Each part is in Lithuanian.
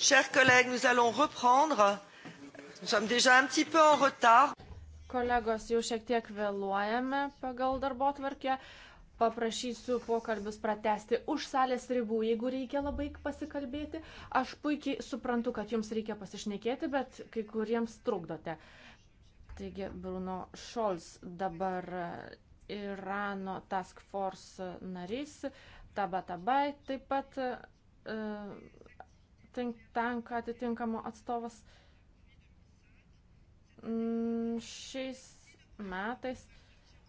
Chers collègues, nous allons reprendre. Nous sommes déjà un petit peu en retard. Kolegos, jau šiek tiek vėluojame pagal darbo tvarkę. Paprašysiu pokalbius pratesti už salės ribų, jeigu reikia labai pasikalbėti. Aš puikiai suprantu, kad jums reikia pasišnekėti, bet kai kuriems trukdote. Taigi, Bruno Šols dabar Irano Task Force narys, Tabatabai taip pat. Uh, think tank atitinkamo atstovas. Mm, šiais metais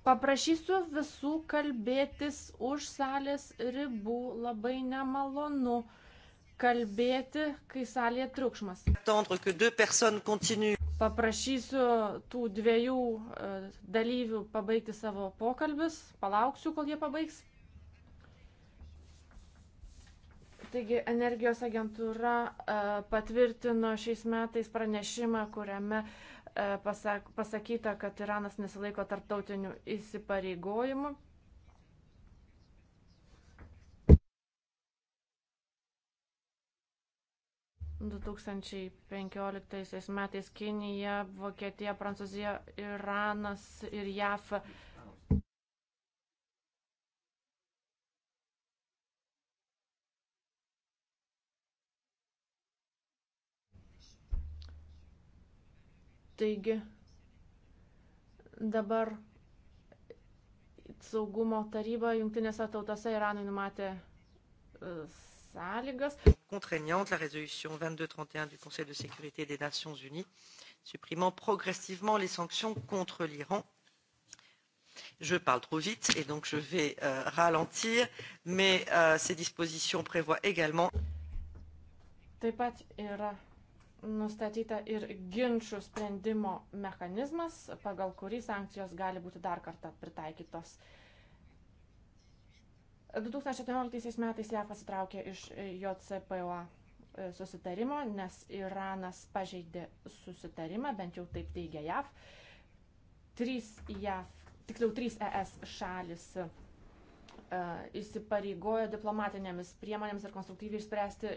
paprašysiu visų kalbėtis už salės ribų. Labai nemalonu kalbėti, kai salėje triukšmas. Paprašysiu tų dviejų e, dalyvių pabaigti savo pokalbius, palauksiu, kol jie pabaigs. Taigi energijos agentūra e, patvirtino šiais metais pranešimą, kuriame e, pasak, pasakyta, kad Iranas nesilaiko tarptautinių įsipareigojimų. Du 2015 metais Kinija, Vokietija, Prancūzija, Iranas ir JAF Taigi dabar saugumo taryba jungtinėse tautose Iranui numatė e, sąlygas. Contraignante la résolution 2231 du Conseil de sécurité des Nations Unies, supprimant progressivement les sanctions contre l'Iran. Je parle trop vite et donc je vais euh, ralentir, mais euh, ces dispositions prévoient également. Taip pat yra nustatyta ir ginčių sprendimo mechanizmas, pagal kurį sankcijos gali būti dar kartą pritaikytos. 2017 metais JAF atsitraukė iš JCPOA susitarimo, nes Iranas pažeidė susitarimą, bent jau taip teigia JAF. Trys JAF, tiksliau, trys ES šalis e, įsipareigojo diplomatinėmis priemonėmis ir konstruktyviai išspręsti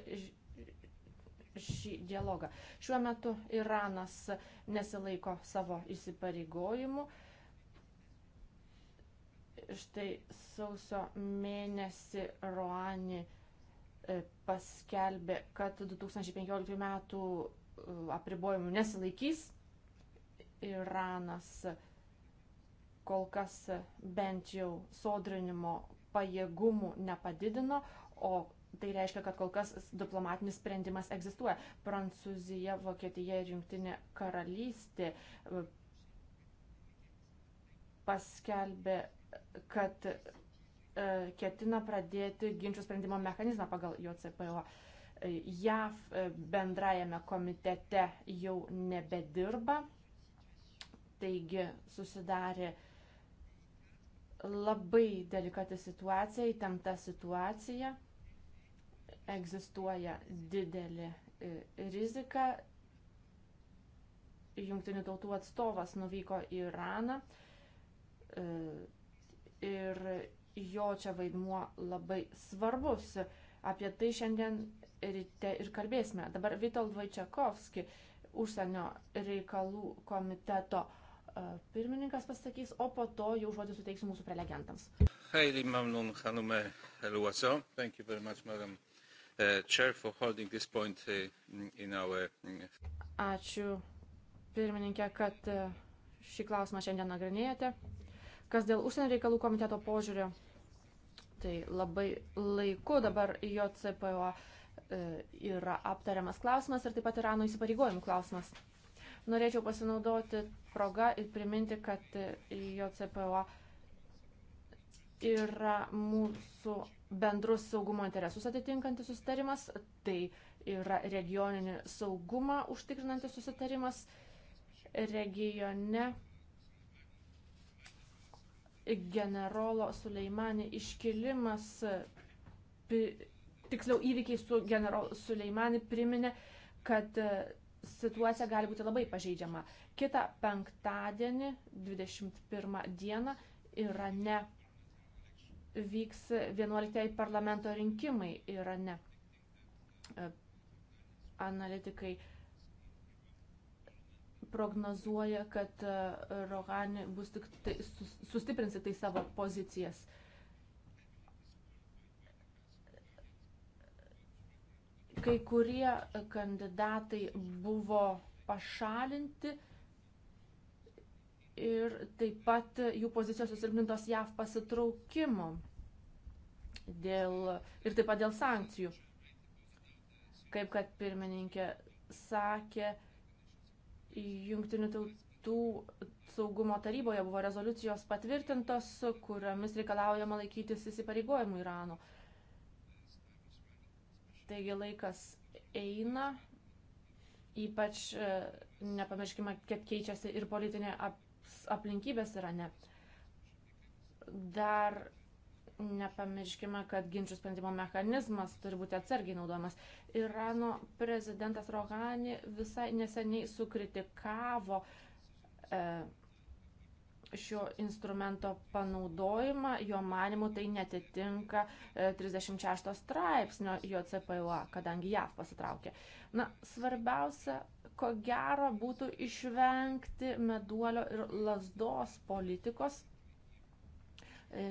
šį dialogą. Šiuo metu Iranas nesilaiko savo įsipareigojimų. Štai sausio mėnesį Roani e, paskelbė, kad 2015 metų e, apribojimų nesilaikys. Iranas kol kas bent jau sodrinimo pajėgumų nepadidino, o Tai reiškia, kad kol kas diplomatinis sprendimas egzistuoja. Prancūzija, Vokietija ir Junktinė karalystė e, paskelbė, kad e, ketina pradėti ginčių sprendimo mechanizmą pagal JCPO. E, JAV bendrajame komitete jau nebedirba, taigi susidarė labai delikati situacija, įtempta situacija. situacija egzistuoja didelė e, rizika. Jungtinių tautų atstovas nuvyko į Iraną e, ir jo čia vaidmuo labai svarbus. Apie tai šiandien ryte ir kalbėsime. Dabar Vitold Vaičiakovski, užsienio reikalų komiteto e, pirmininkas pasakys, o po to jau žodį suteiksiu mūsų prelegentams. Heidi Mamnun Hanume Eluaso. Thank you very much, madam uh, Chair, for holding this point uh, in our. Ačiū pirmininkė, kad uh, šį klausimą šiandien nagrinėjate. Kas dėl užsienio reikalų komiteto požiūrio, tai labai laiku dabar JCPO uh, yra aptariamas klausimas ir taip pat Irano įsipareigojimų klausimas. Norėčiau pasinaudoti progą ir priminti, kad uh, JCPO yra mūsų bendrus saugumo interesus atitinkantis susitarimas, tai yra regioninį saugumą užtikrinantis susitarimas regione generolo Suleimani iškilimas, pi, tiksliau įvykiai su generolu Suleimani priminė, kad e, situacija gali būti labai pažeidžiama. Kita penktadienį, 21 dieną, Irane vyks 11 parlamento rinkimai Irane. E, analitikai prognozuoja, kad e, Rohani bus tik tai, sustiprins tik tai savo pozicijas. Kai kurie kandidatai buvo pašalinti ir taip pat jų pozicijos susilpnintos JAV pasitraukimo dėl, ir taip pat dėl sankcijų. Kaip kad pirmininkė sakė, jungtinių tautų saugumo taryboje buvo rezoliucijos patvirtintos, kuriomis reikalaujama laikytis įsipareigojimų Irano. Taigi laikas eina, ypač e, nepamirškime, kaip keičiasi ir politinė aplinka aplinkybės yra ne. Dar nepamirškime, kad ginčių sprendimo mechanizmas turi būti atsargiai naudojamas. Irano prezidentas Rohani visai neseniai sukritikavo e, šio instrumento panaudojimą, jo manimu tai netitinka 36 e, straipsnio JCPUA, kadangi JAV pasitraukė. Na, svarbiausia, ko gero būtų išvengti meduolio ir lasdos politikos e,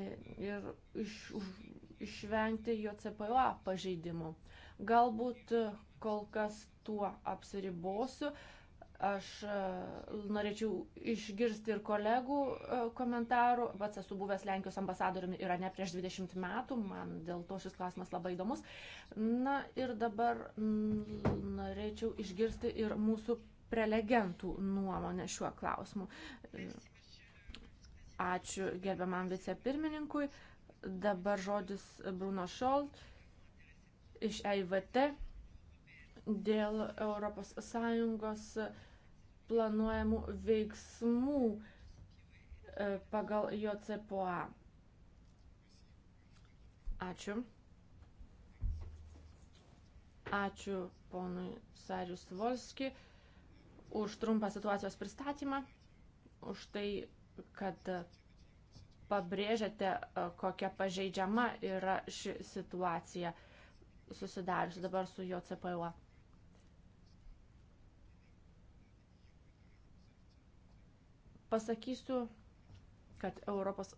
ir iš, už, išvengti JCPUA pažeidimų. Galbūt kol kas tuo apsiribosiu. Uh, Aš e, norėčiau išgirsti ir kolegų e, komentarų. Pats esu buvęs Lenkijos ambasadoriumi yra ne prieš 20 metų, man dėl to šis klausimas labai įdomus. Na ir dabar mm, norėčiau išgirsti ir mūsų prelegentų nuomonę šiuo klausimu. Ačiū gerbiamam vicepirmininkui. Dabar žodis Bruno Šolt iš EIVT dėl ES planuojamų veiksmų e, pagal JCPOA. Ačiū. Ačiū ponui Sarius Volski už trumpą situacijos pristatymą, už tai, kad pabrėžiate, e, kokia pažeidžiama yra ši situacija susidariusi dabar su JCPOA. pasakysiu, kad ES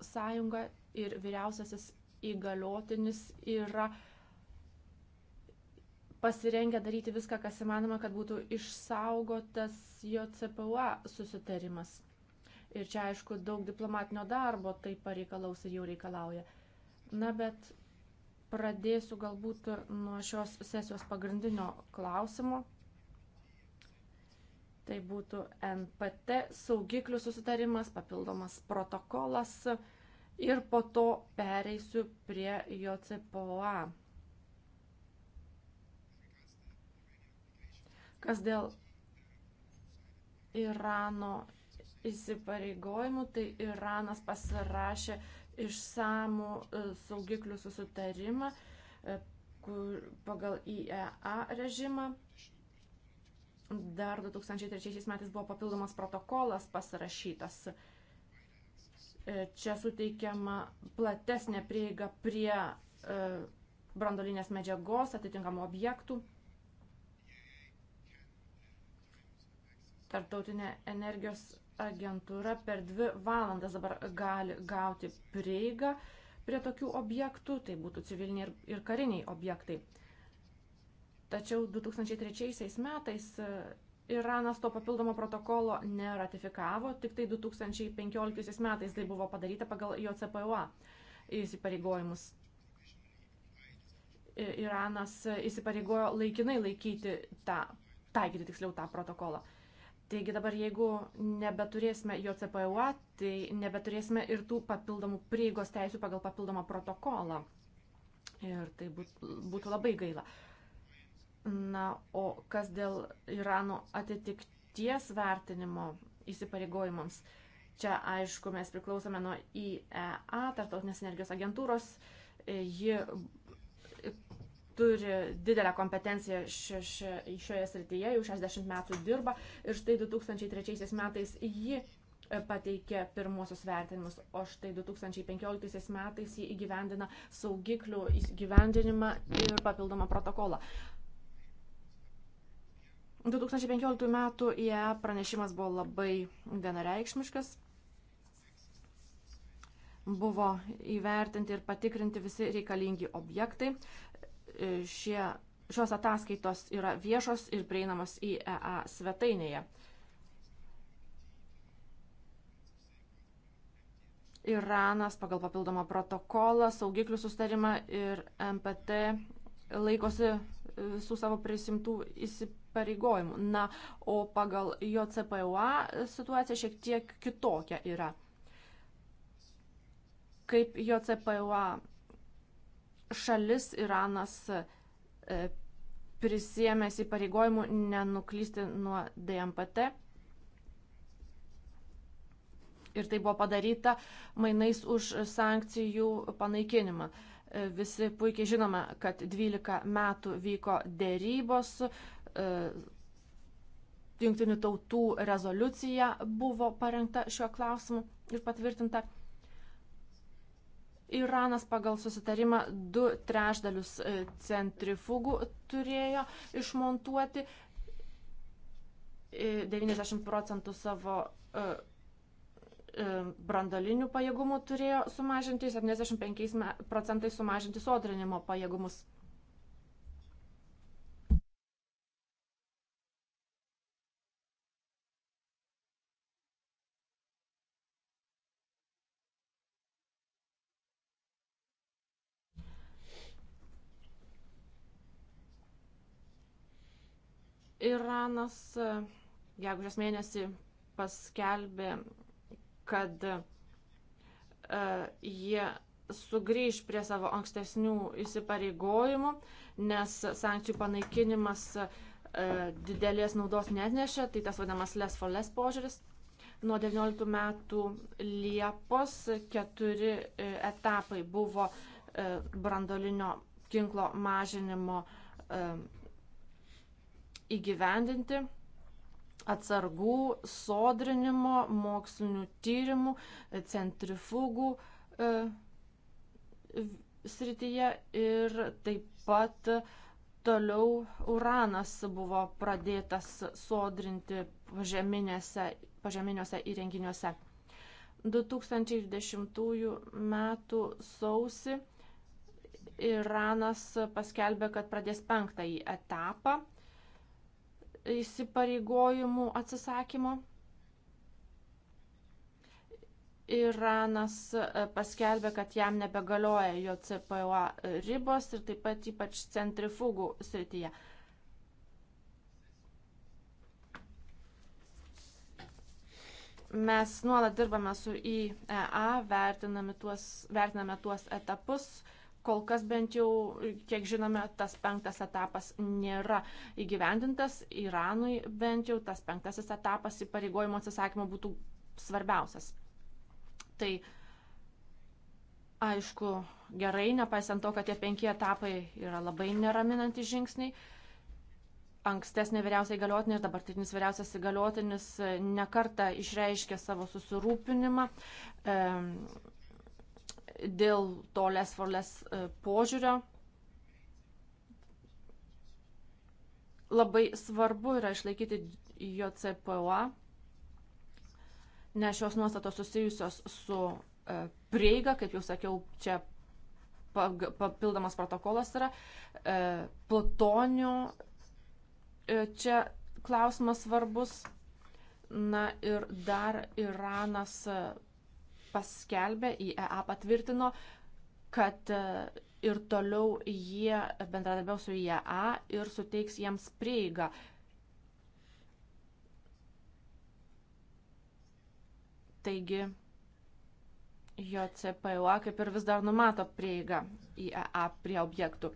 ir vyriausiasis įgaliotinis yra pasirengę daryti viską, kas įmanoma, kad būtų išsaugotas jo CPUA susitarimas. Ir čia, aišku, daug diplomatinio darbo tai pareikalaus ir jau reikalauja. Na, bet pradėsiu galbūt nuo šios sesijos pagrindinio klausimo Tai būtų NPT saugiklių susitarimas, papildomas protokolas ir po to pereisiu prie JCPOA. Kas dėl Irano įsipareigojimų, tai Iranas pasirašė išsamų e, saugiklių susitarimą e, pagal IEA režimą. Dar 2003 metais buvo papildomas protokolas pasirašytas. E, čia suteikiama platesnė prieiga prie e, brandolinės medžiagos, atitinkamų objektų. Tartautinė energijos agentūra per dvi valandas dabar gali gauti prieigą prie tokių objektų, tai būtų civiliniai ir, ir kariniai objektai. Tačiau 2003 metais e, Iranas to papildomo protokolo neratifikavo, tik tai 2015 metais tai buvo padaryta pagal JCPOA įsipareigojimus. Iranas įsipareigojo laikinai laikyti tą, taikyti tiksliau tą protokolą. Taigi dabar jeigu nebeturėsime JCPOA, tai nebeturėsime ir tų papildomų prieigos teisų pagal papildomą protokolą. Ir tai būtų labai gaila. Na, o kas dėl Irano atitikties vertinimo įsipareigojimams? Čia, aišku, mes priklausome nuo IEA, Tartautinės energijos agentūros. E, ji turi didelę kompetenciją šioje srityje, jau 60 metų dirba ir štai 2003 metais ji pateikė pirmosius vertinimus, o štai 2015 metais jį įgyvendina saugiklių įgyvendinimą ir papildomą protokolą. 2015 metų IE pranešimas buvo labai vienareikšmiškas. Buvo įvertinti ir patikrinti visi reikalingi objektai. E, šie, šios ataskaitos yra viešos ir prieinamos IEA svetainėje. Iranas pagal papildomą protokolą, saugiklių sustarimą ir MPT laikosi visų savo prisimtų įsipareigojimų įsipareigojimų. Na, o pagal JCPOA situacija šiek tiek kitokia yra. Kaip JCPOA šalis Iranas e, prisėmęs įpareigojimų nenuklysti nuo DMPT. Ir tai buvo padaryta mainais už sankcijų panaikinimą. E, visi puikiai žinome, kad 12 metų vyko dėrybos, E, jungtinių tautų rezoliucija buvo parengta šiuo klausimu ir patvirtinta. Iranas pagal susitarimą du trešdalius e, centrifugų turėjo išmontuoti 90 e, procentų savo brandolinių pajėgumų turėjo sumažinti, 75 procentai sumažinti sodrinimo pajėgumus. Iranas gegužės mėnesį paskelbė, kad uh, jie sugrįž prie savo ankstesnių įsipareigojimų, nes sankcijų panaikinimas uh, didelės naudos netnešė, tai tas vadinamas less for less požiūris. Nuo 19 metų Liepos keturi e, etapai buvo brandolinio ginklo mažinimo uh, įgyvendinti atsargų sodrinimo, mokslinių tyrimų, centrifugų e, srityje ir taip pat toliau uranas buvo pradėtas sodrinti pažeminiuose įrenginiuose. 2010 m. sausį Iranas paskelbė, kad pradės penktąjį etapą įsipareigojimų atsisakymo. Iranas e, paskelbė, kad jam nebegalioja jo CPOA ribos ir taip pat ypač centrifugų srityje. Mes nuolat dirbame su IEA, vertiname tuos, vertiname tuos etapus, uh, Kol kas bent jau, kiek žinome, tas penktas etapas nėra įgyvendintas. Iranui bent jau tas penktasis etapas įpareigojimo atsisakymo būtų svarbiausias. Tai aišku gerai, nepaisant to, kad tie penki etapai yra labai neraminantys žingsniai ankstesnė vyriausiai galiotinė ir dabartinis vyriausias įgaliotinis e, nekarta išreiškė savo susirūpinimą. E, dėl to lesforles e, požiūrio labai svarbu yra išlaikyti JCPOA, nes šios nuostatos susijusios su e, prieiga, kaip jau sakiau, čia papildomas protokolas yra, e, plutonių čia klausimas svarbus. Na ir dar Iranas paskelbė, IEA patvirtino, kad e, ir toliau jie bendradarbiaus su IEA ir suteiks jiems prieigą. Taigi, JCPOA kaip ir vis dar numato prieigą IEA prie objektų.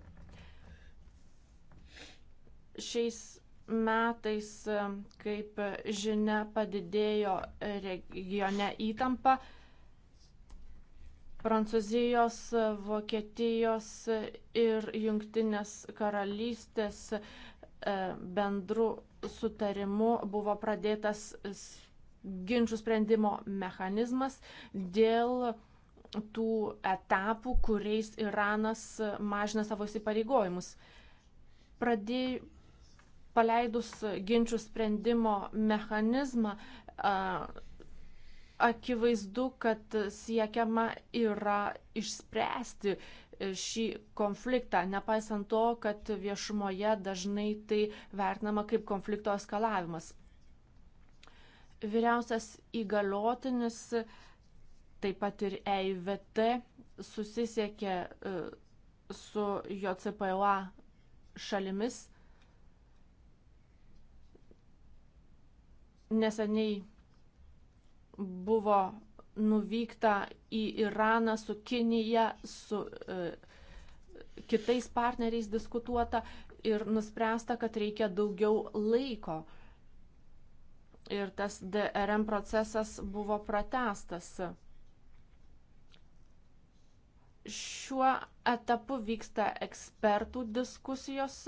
Šiais metais, e, kaip žinia, padidėjo regione įtampa Prancūzijos, Vokietijos ir Junktinės karalystės e, bendru sutarimu buvo pradėtas ginčių sprendimo mechanizmas dėl tų etapų, kuriais Iranas mažina savo įsipareigojimus. Pradėjai paleidus ginčių sprendimo mechanizmą, akivaizdu, kad siekiama yra išspręsti šį konfliktą, nepaisant to, kad viešumoje dažnai tai vertinama kaip konflikto eskalavimas. Vyriausias įgaliotinis, taip pat ir EIVT, susisiekė e, su JCPOA šalimis. Neseniai buvo nuvykta į Iraną su Kinija, su e, kitais partneriais diskutuota ir nuspręsta, kad reikia daugiau laiko. Ir tas DRM procesas buvo pratestas. Šiuo etapu vyksta ekspertų diskusijos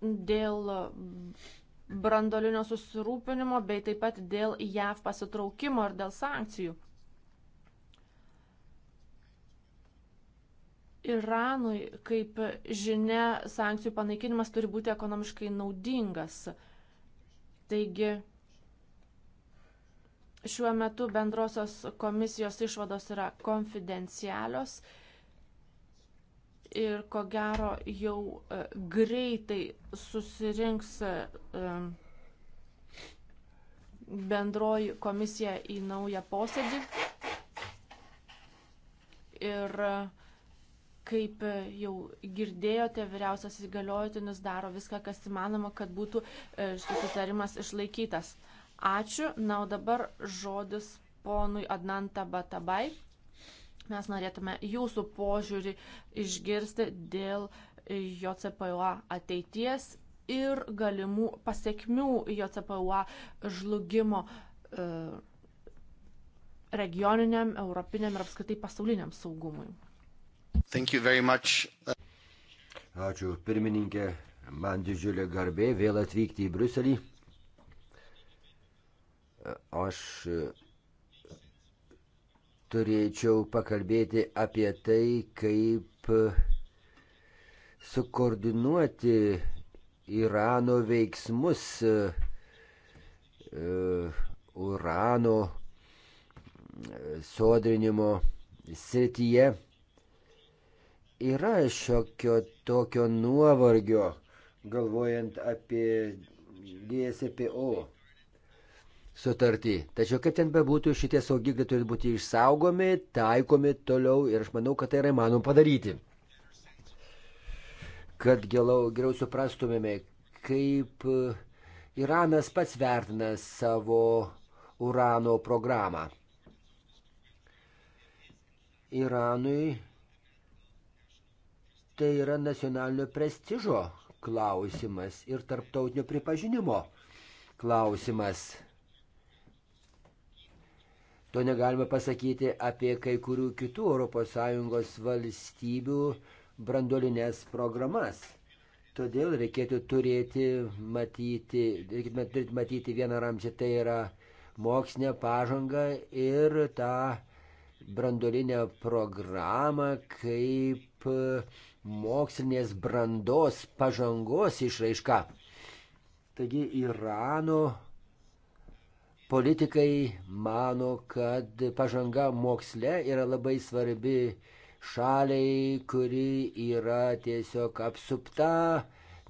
dėl brandolinio susirūpinimo, bei taip pat dėl JAV pasitraukimo ir dėl sankcijų. Iranui, kaip žinia, sankcijų panaikinimas turi būti ekonomiškai naudingas. Taigi, šiuo metu bendrosios komisijos išvados yra konfidencialios ir ko gero jau e, greitai susirinks e, bendroji komisija į naują posėdį. Ir e, kaip jau girdėjote, vyriausias įgaliojotinis daro viską, kas įmanoma, kad būtų susitarimas išlaikytas. Ačiū. Na, o dabar žodis ponui Adnan Tabatabai. Mes norėtume jūsų požiūrį išgirsti dėl JCPOA ateities ir galimų pasiekmių JCPOA žlugimo e, regioniniam, europiniam ir apskritai pasauliniam saugumui. Ačiū pirmininkė, man didžiulė garbė vėl atvykti į Bruselį. Aš turėčiau pakalbėti apie tai, kaip sukoordinuoti Irano veiksmus e, urano e, sodrinimo srityje. Yra šiokio tokio nuovargio, galvojant apie GSPO sutartį. Tačiau kaip ten bebūtų, šitie saugikliai turi būti išsaugomi, taikomi toliau ir aš manau, kad tai yra įmanoma padaryti. Kad geriau, geriau suprastumėme, kaip e, Iranas pats vertina savo urano programą. Iranui tai yra nacionalinio prestižo klausimas ir tarptautinio pripažinimo klausimas. To negalime pasakyti apie kai kurių kitų ES valstybių brandolinės programas. Todėl reikėtų turėti matyti, reikėtų matyti vieną ramčią, tai yra mokslinė pažanga ir tą brandolinę programą kaip mokslinės brandos pažangos išraiška. Taigi Irano Politikai mano, kad pažanga moksle yra labai svarbi šaliai, kuri yra tiesiog apsupta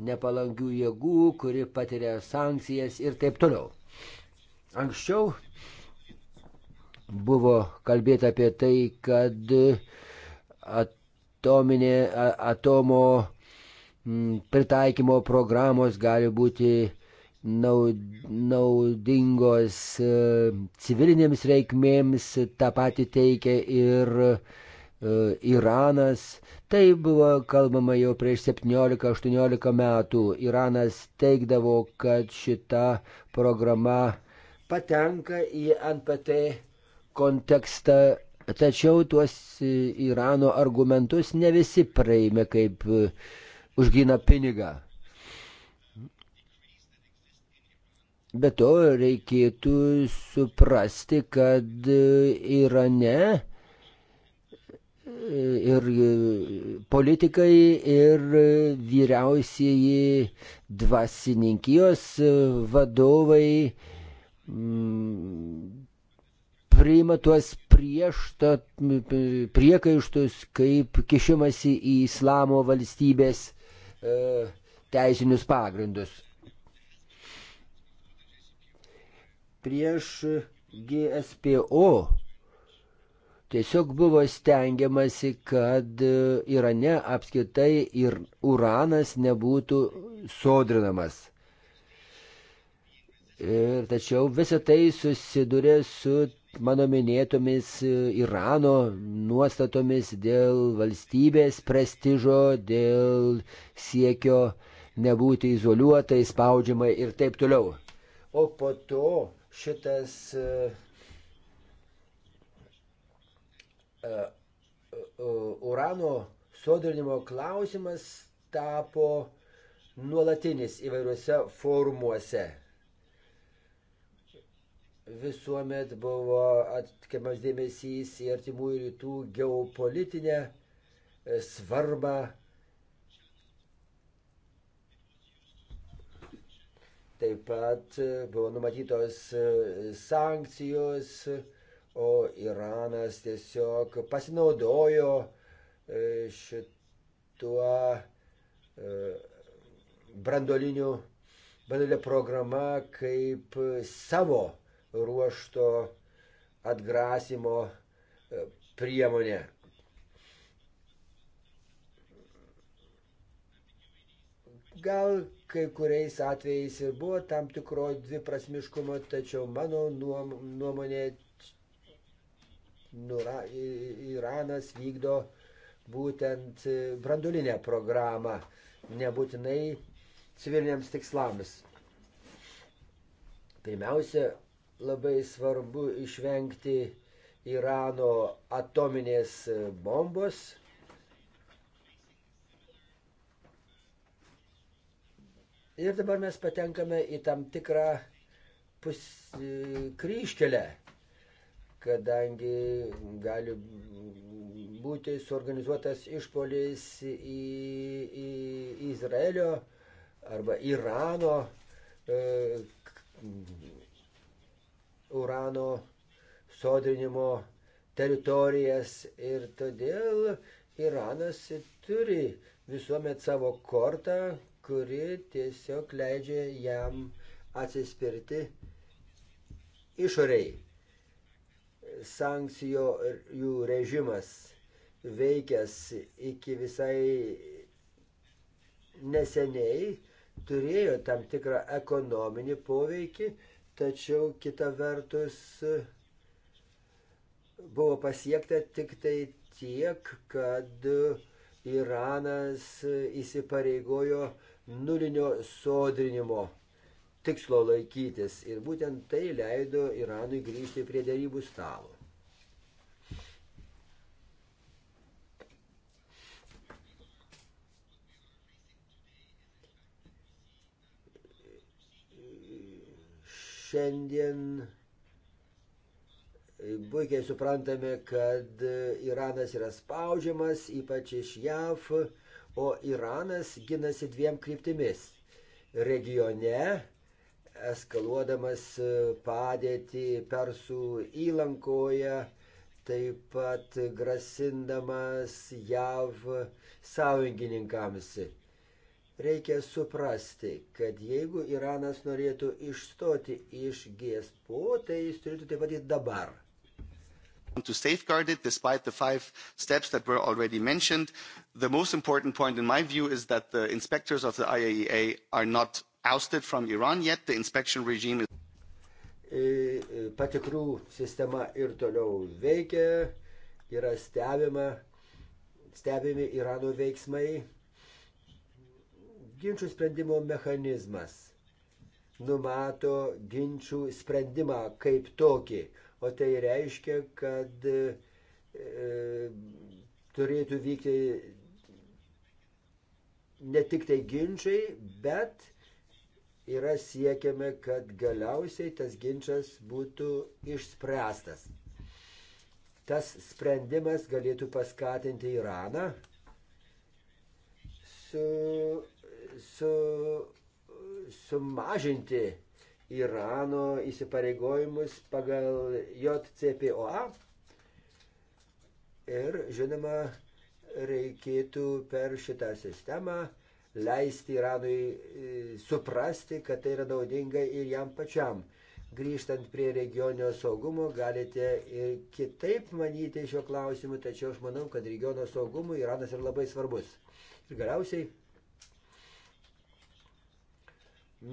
nepalangių jėgų, kuri patiria sankcijas ir taip toliau. Anksčiau buvo kalbėta apie tai, kad atominė, atomo pritaikymo programos gali būti naudingos e, civilinėms reikmėms, tą patį teikia ir e, Iranas. Tai buvo kalbama jau prieš 17-18 metų. Iranas teikdavo, kad šita programa patenka į NPT kontekstą, tačiau tuos e, Irano argumentus ne visi praeimė kaip užgina pinigą. Be to reikėtų suprasti, kad e, Irane e, ir e, politikai, ir vyriausieji dvasininkijos vadovai mm, priima tuos prieštat, priekaištus kaip kišimasi į islamo valstybės teisinius pagrindus. prieš GSPO tiesiog buvo stengiamasi, kad Irane apskritai ir uranas nebūtų sodrinamas. Ir tačiau visą tai susiduria su mano minėtomis Irano nuostatomis dėl valstybės prestižo, dėl siekio nebūti izoliuotai, spaudžiamai ir taip toliau. O po to šitas e, e, e, urano sodrinimo klausimas tapo nuolatinis įvairiuose forumuose. Visuomet buvo atkiamas dėmesys į artimųjų rytų geopolitinę svarbą Taip pat e, buvo numatytos e, sankcijos, o Iranas tiesiog pasinaudojo e, šituo brandoliniu, brandolinė programa kaip savo ruošto atgrasimo priemonė. Gal kai kuriais atvejais ir buvo tam tikro dviprasmiškumo, tačiau mano nuomonė nura, Iranas vykdo būtent e, brandulinę programą, nebūtinai civiliniams tikslams. Pirmiausia, labai svarbu išvengti Irano atominės bombos Ir dabar mes patenkame į tam tikrą pus, e, kryškelę, kadangi gali būti suorganizuotas išpolis į, į Izraelio arba Irano e, urano sodrinimo teritorijas ir todėl Iranas turi visuomet savo kortą, kuri tiesiog leidžia jam atsispirti išoriai. Sankcijų režimas veikęs iki visai neseniai turėjo tam tikrą ekonominį poveikį, tačiau kita vertus buvo pasiekta tik tai tiek, kad Iranas įsipareigojo nulinio sodrinimo tikslo laikytis ir būtent tai leido Iranui grįžti prie dėrybų stalo. Šiandien puikiai suprantame, kad Iranas yra spaudžiamas, ypač iš JAV, o Iranas ginasi dviem kryptimis. Regione eskaluodamas e, padėtį Persų įlankoje, taip pat grasindamas JAV sąjungininkams. Reikia suprasti, kad jeigu Iranas norėtų išstoti iš GSPO, tai jis turėtų tai vadyti dabar to safeguard it despite the five steps that were already mentioned. The most important point in my view is that the inspectors of the IAEA e are not ousted from Iran yet. The inspection regime is e, e, patikrų sistema ir toliau veikia, yra stebima, stebimi Irano veiksmai. Ginčių sprendimo mechanizmas numato ginčių sprendimą kaip tokį o tai reiškia, kad e, turėtų vykti ne tik tai ginčiai, bet yra siekiame, kad galiausiai tas ginčas būtų išspręstas. Tas sprendimas galėtų paskatinti Iraną su, su, sumažinti Irano įsipareigojimus pagal JCPOA. Ir, žinoma, reikėtų per šitą sistemą leisti Iranui e, suprasti, kad tai yra naudinga ir jam pačiam. Grįžtant prie regioninio saugumo, galite ir kitaip manyti šiuo klausimu, tačiau aš manau, kad regiono saugumui Iranas yra labai svarbus. Ir galiausiai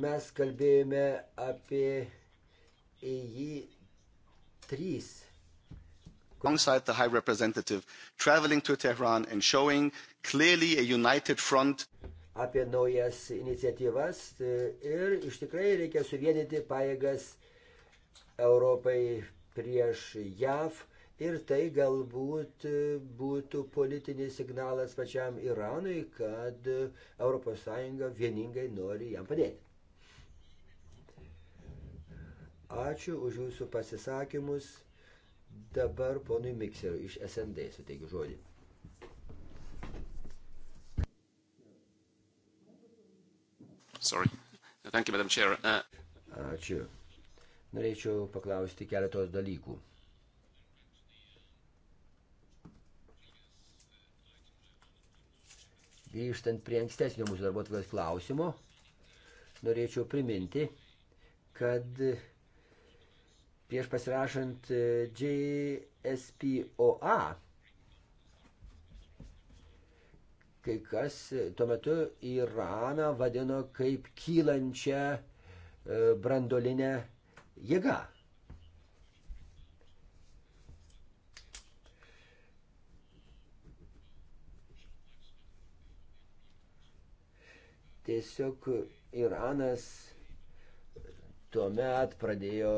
mes kalbėjome apie EI 3. Alongside the High Representative, traveling to Tehran and showing clearly a united front. Apie naujas iniciatyvas e, ir iš tikrai reikia suvienyti pajėgas Europai prieš JAV ir tai galbūt e, būtų politinis signalas pačiam Iranui, kad ES vieningai nori jam padėti. Ačiū už jūsų pasisakymus. Dabar ponui Mikseriu iš SND suteikiu žodį. Sorry. Thank you, Madam Chair. Uh... Ačiū. Norėčiau paklausti keletos dalykų. Grįžtant prie ankstesnio mūsų darbuotojas klausimo, norėčiau priminti, kad prieš pasirašant e, JSPOA. Kai kas e, tuo metu Iraną vadino kaip kylančią e, brandolinę jėgą. Tiesiog Iranas tuomet pradėjo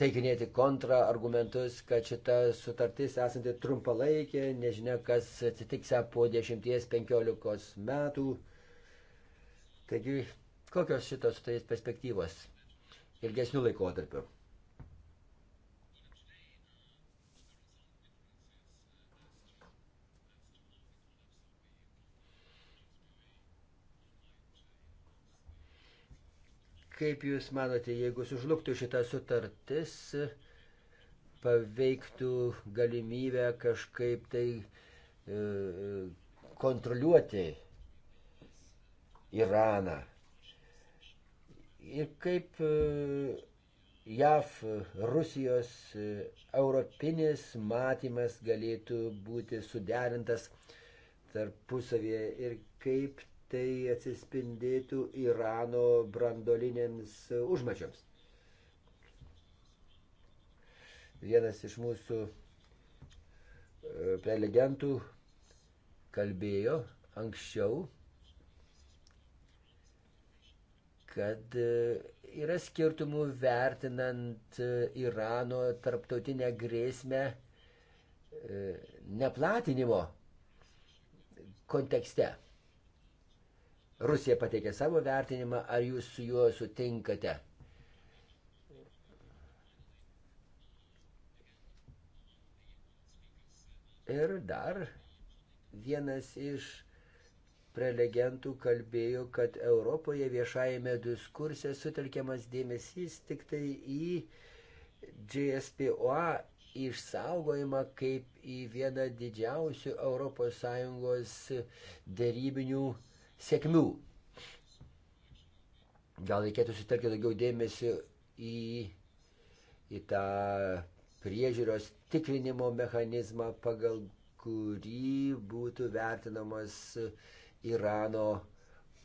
teikinėti kontraargumentus, kad šita sutartis esanti trumpalaikė, nežinia, kas atsitiks po 10-15 metų. Taigi, kokios šitos tai perspektyvos ilgesnių laikotarpių? Kaip Jūs manote, jeigu sužlugtų šita sutartis, paveiktų galimybę kažkaip tai e, e kontroliuoti Iraną? Ir kaip e, JAV, Rusijos, e, europinis matymas galėtų būti suderintas tarpusavėje ir kaip tai atsispindėtų Irano brandolinėms užmačioms. Vienas iš mūsų e, prelegentų kalbėjo anksčiau, kad e, yra skirtumų vertinant e, Irano tarptautinę grėsmę neplatinimo kontekste. Rusija pateikė savo vertinimą, ar jūs su juo sutinkate? Ir dar vienas iš prelegentų kalbėjo, kad Europoje viešajame diskurse sutelkiamas dėmesys tik tai į GSPOA išsaugojimą kaip į vieną didžiausių ES dėrybinių sėkmių. Gal reikėtų sutelkti daugiau dėmesio į, į tą priežiūros tikrinimo mechanizmą, pagal kurį būtų vertinamas Irano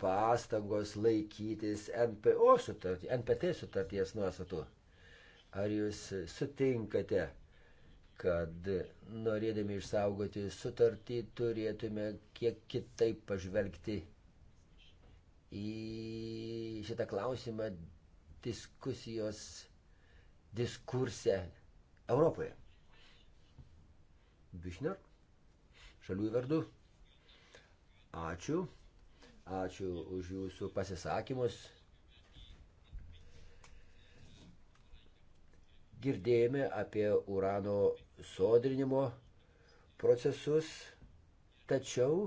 pastangos laikytis NPO sutartį, NPT sutarties nuostatų. Ar jūs sutinkate, kad norėdami išsaugoti sutartį turėtume kiek kitaip pažvelgti į šitą klausimą diskusijos diskurse Europoje. Bišner, šalių vardu. Ačiū. Ačiū už jūsų pasisakymus. Girdėjome apie urano sodrinimo procesus, tačiau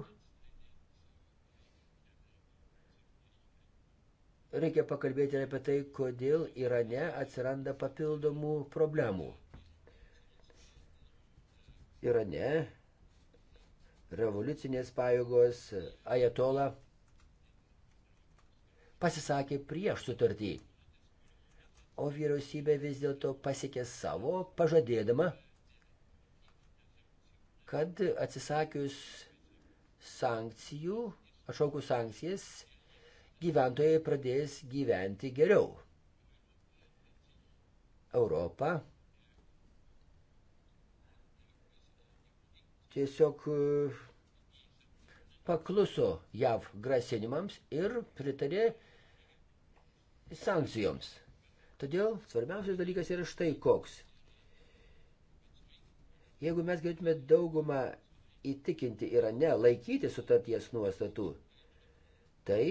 Reikia pakalbėti ir apie tai, kodėl Irane atsiranda papildomų problemų. Irane revoliucinės pajėgos Ajatola pasisakė prieš sutartį, o vyriausybė vis dėlto pasiekė savo, pažadėdama, kad atsisakius sankcijų, atšaukus sankcijas, gyventojai pradės gyventi geriau. Europa tiesiog e, pakluso JAV grasinimams ir pritarė sankcijoms. Todėl svarbiausias dalykas yra štai koks. Jeigu mes galėtume daugumą įtikinti Irane laikyti sutarties nuostatų, tai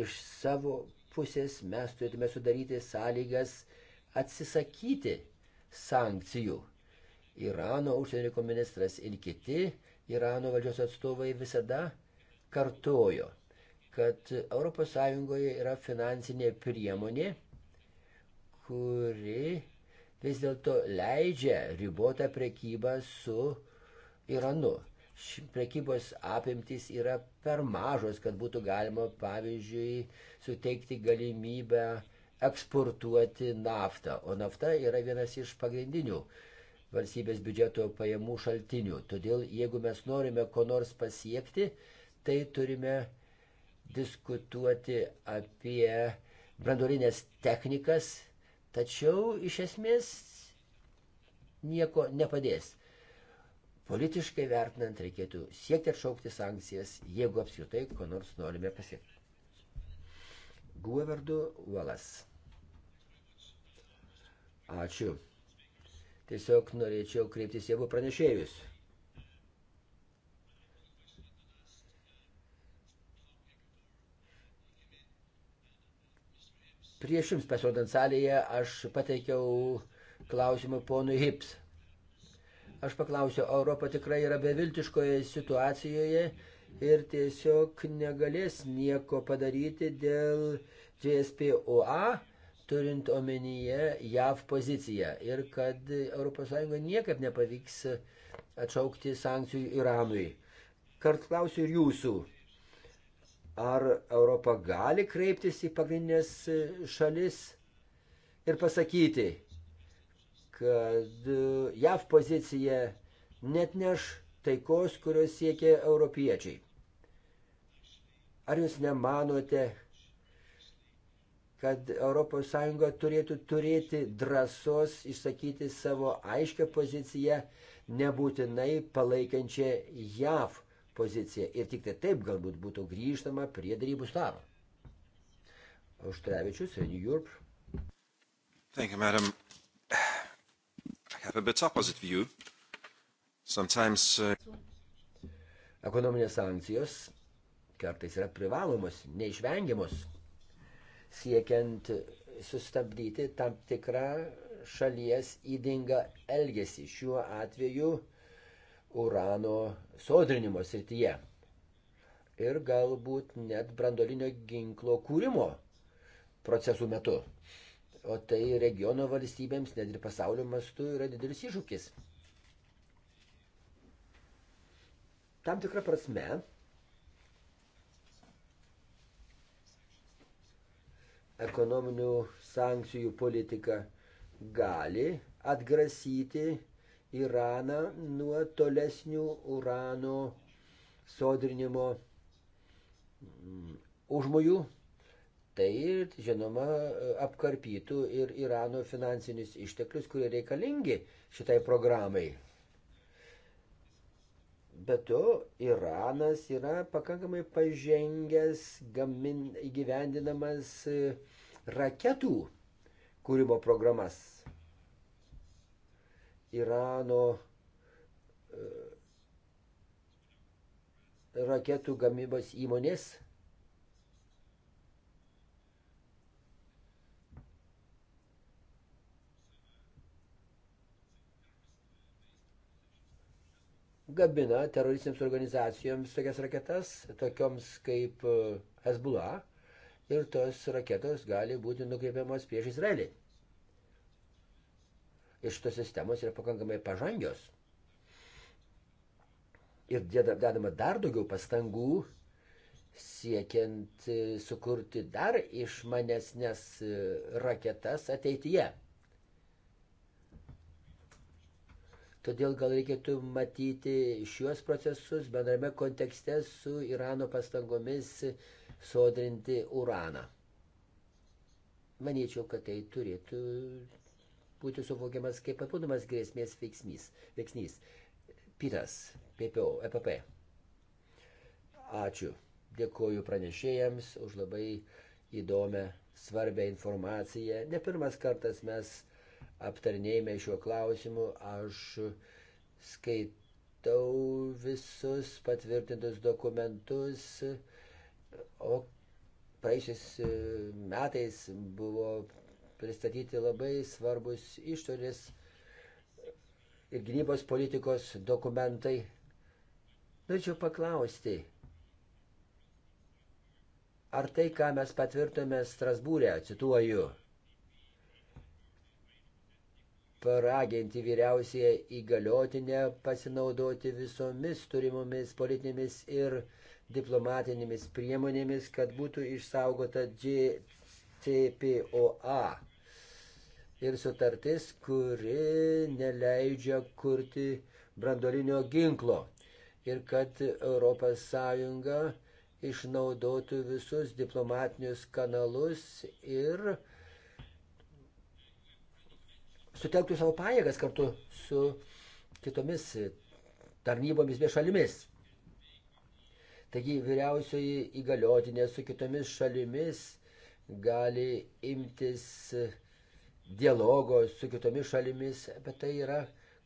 Iš savo pusės mes turėtume sudaryti sąlygas atsisakyti sankcijų. Irano užsienio reikalų ministras ir kiti Irano valdžios atstovai visada kartojo, kad ES yra finansinė priemonė, kuri vis dėlto leidžia ribotą prekybą su Iranu prekybos apimtys yra per mažos, kad būtų galima, pavyzdžiui, suteikti galimybę eksportuoti naftą. O nafta yra vienas iš pagrindinių valstybės biudžeto pajamų šaltinių. Todėl, jeigu mes norime ko nors pasiekti, tai turime diskutuoti apie brandolinės technikas, tačiau iš esmės nieko nepadės. Politiškai vertinant, reikėtų siekti atšaukti sankcijas, jeigu apskritai ko nors norime pasiekti. Guo vardu Uolas. Ačiū. Tiesiog norėčiau kreiptis jėgų pranešėjus. Prieš jums pasirodant salėje aš pateikiau klausimą ponui Hips. Aš paklausiu, Europa tikrai yra beviltiškoje situacijoje ir tiesiog negalės nieko padaryti dėl JSPOA, turint omenyje JAV poziciją ir kad ES niekaip nepavyks atšaukti sankcijų Iranui. Kart klausiu ir jūsų, ar Europa gali kreiptis į pagrindinės šalis ir pasakyti, kad e, JAV pozicija net neš taikos, kurios siekia europiečiai. Ar jūs nemanote, kad ES turėtų turėti drąsos išsakyti savo aiškę poziciją, nebūtinai palaikančią JAV poziciją. Ir tik tai taip galbūt būtų grįžtama prie darybų stalo. Užtrevičius, Renew Europe. Thank you, madam have a bit opposite view. Sometimes. Uh... Ekonominės sankcijos kartais yra privalomos, neišvengiamos, siekiant sustabdyti tam tikrą šalies įdingą elgesį, šiuo atveju urano sodrinimo srityje ir galbūt net brandolinio ginklo kūrimo procesų metu o tai regiono valstybėms, net ir pasaulio mastu yra didelis iššūkis. Tam tikrą prasme, ekonominių sankcijų politika gali atgrasyti Iraną nuo tolesnių urano sodrinimo mm, užmojų Tai, žinoma, apkarpytų ir Irano finansinius išteklius, kurie reikalingi šitai programai. Bet to Iranas yra pakankamai pažengęs gamin, įgyvendinamas e, raketų kūrimo programas. Irano e, raketų gamybos įmonės gabina teroristinėms organizacijoms tokias raketas, tokioms kaip e, Hezbollah, ir tos raketos gali būti nukreipiamos prieš Izraelį. Ir šitos sistemos yra pakankamai pažangios. Ir dedama dar daugiau pastangų siekiant e, sukurti dar išmanesnės e, raketas ateityje. Todėl gal reikėtų matyti šiuos procesus bendrame kontekste su Irano pastangomis sodrinti uraną. Manyčiau, kad tai turėtų būti suvokiamas kaip papildomas grėsmės veiksmys. veiksnys. Pitas, PPO, EPP. Ačiū. Dėkoju pranešėjams už labai įdomią, svarbę informaciją. Ne pirmas kartas mes aptarnėjime šiuo klausimu. Aš skaitau visus patvirtintus dokumentus, o praėjusiais e, metais buvo pristatyti labai svarbus išorės ir gynybos politikos dokumentai. Norėčiau paklausti, ar tai, ką mes patvirtome Strasbūrė, cituoju, paraginti vyriausiąją įgaliotinę pasinaudoti visomis turimomis politinėmis ir diplomatinėmis priemonėmis, kad būtų išsaugota GCPOA ir sutartis, kuri neleidžia kurti brandolinio ginklo ir kad ES išnaudotų visus diplomatinius kanalus ir sutelktų savo pajėgas kartu su kitomis tarnybomis bei šalimis. Taigi vyriausioji įgaliotinė su kitomis šalimis gali imtis dialogo su kitomis šalimis, apie tai yra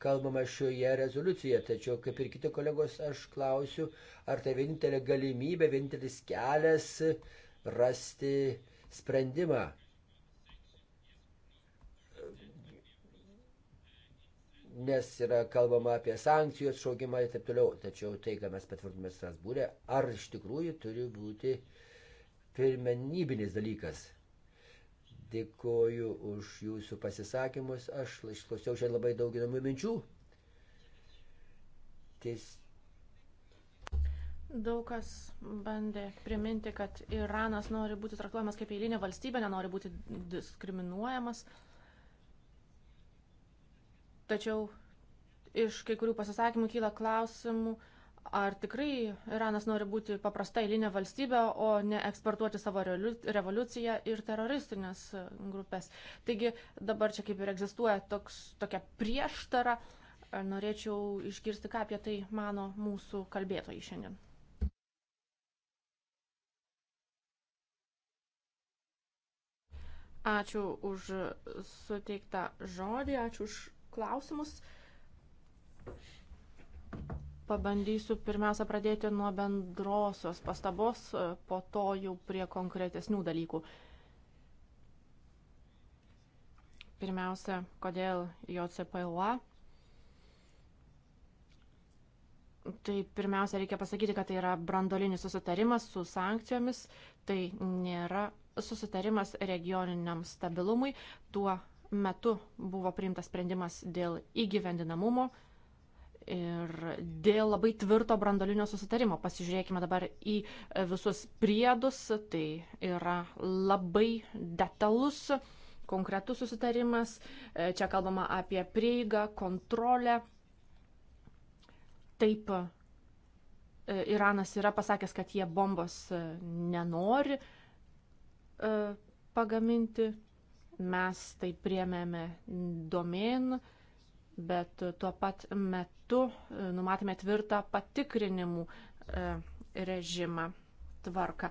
kalbama šioje rezoliucijoje. Tačiau, kaip ir kiti kolegos, aš klausiu, ar tai vienintelė galimybė, vienintelis kelias rasti sprendimą nes yra kalbama apie sankcijų atšaukimą ir taip toliau. Tačiau tai, ką mes patvirtume Strasbūrė, ar iš tikrųjų turi būti pirmenybinis dalykas. Dėkoju už jūsų pasisakymus. Aš išklausiau šiandien labai daug įdomių minčių. Ties... Daug kas bandė priminti, kad Iranas nori būti traktuojamas kaip eilinė valstybė, nenori būti diskriminuojamas. Tačiau iš kai kurių pasisakymų kyla klausimų, ar tikrai Iranas nori būti paprasta eilinė valstybė, o ne eksportuoti savo revoliuciją ir teroristinės grupės. Taigi dabar čia kaip ir egzistuoja toks, tokia prieštara. Norėčiau išgirsti, ką apie tai mano mūsų kalbėtojai šiandien. Ačiū už suteiktą žodį, ačiū už klausimus. Pabandysiu pirmiausia pradėti nuo bendrosios pastabos, e, po to jau prie konkretesnių dalykų. Pirmiausia, kodėl JCPOA? Tai pirmiausia, reikia pasakyti, kad tai yra brandolinis susitarimas su sankcijomis, tai nėra susitarimas regioniniam stabilumui, tuo metu buvo priimtas sprendimas dėl įgyvendinamumo ir dėl labai tvirto brandolinio susitarimo. Pasižiūrėkime dabar į visus priedus. Tai yra labai detalus, konkretus susitarimas. Čia kalbama apie prieigą, kontrolę. Taip, Iranas yra pasakęs, kad jie bombos nenori e, pagaminti Mes tai priemėme domin, bet tuo pat metu e, numatėme tvirtą patikrinimų e, režimą tvarką.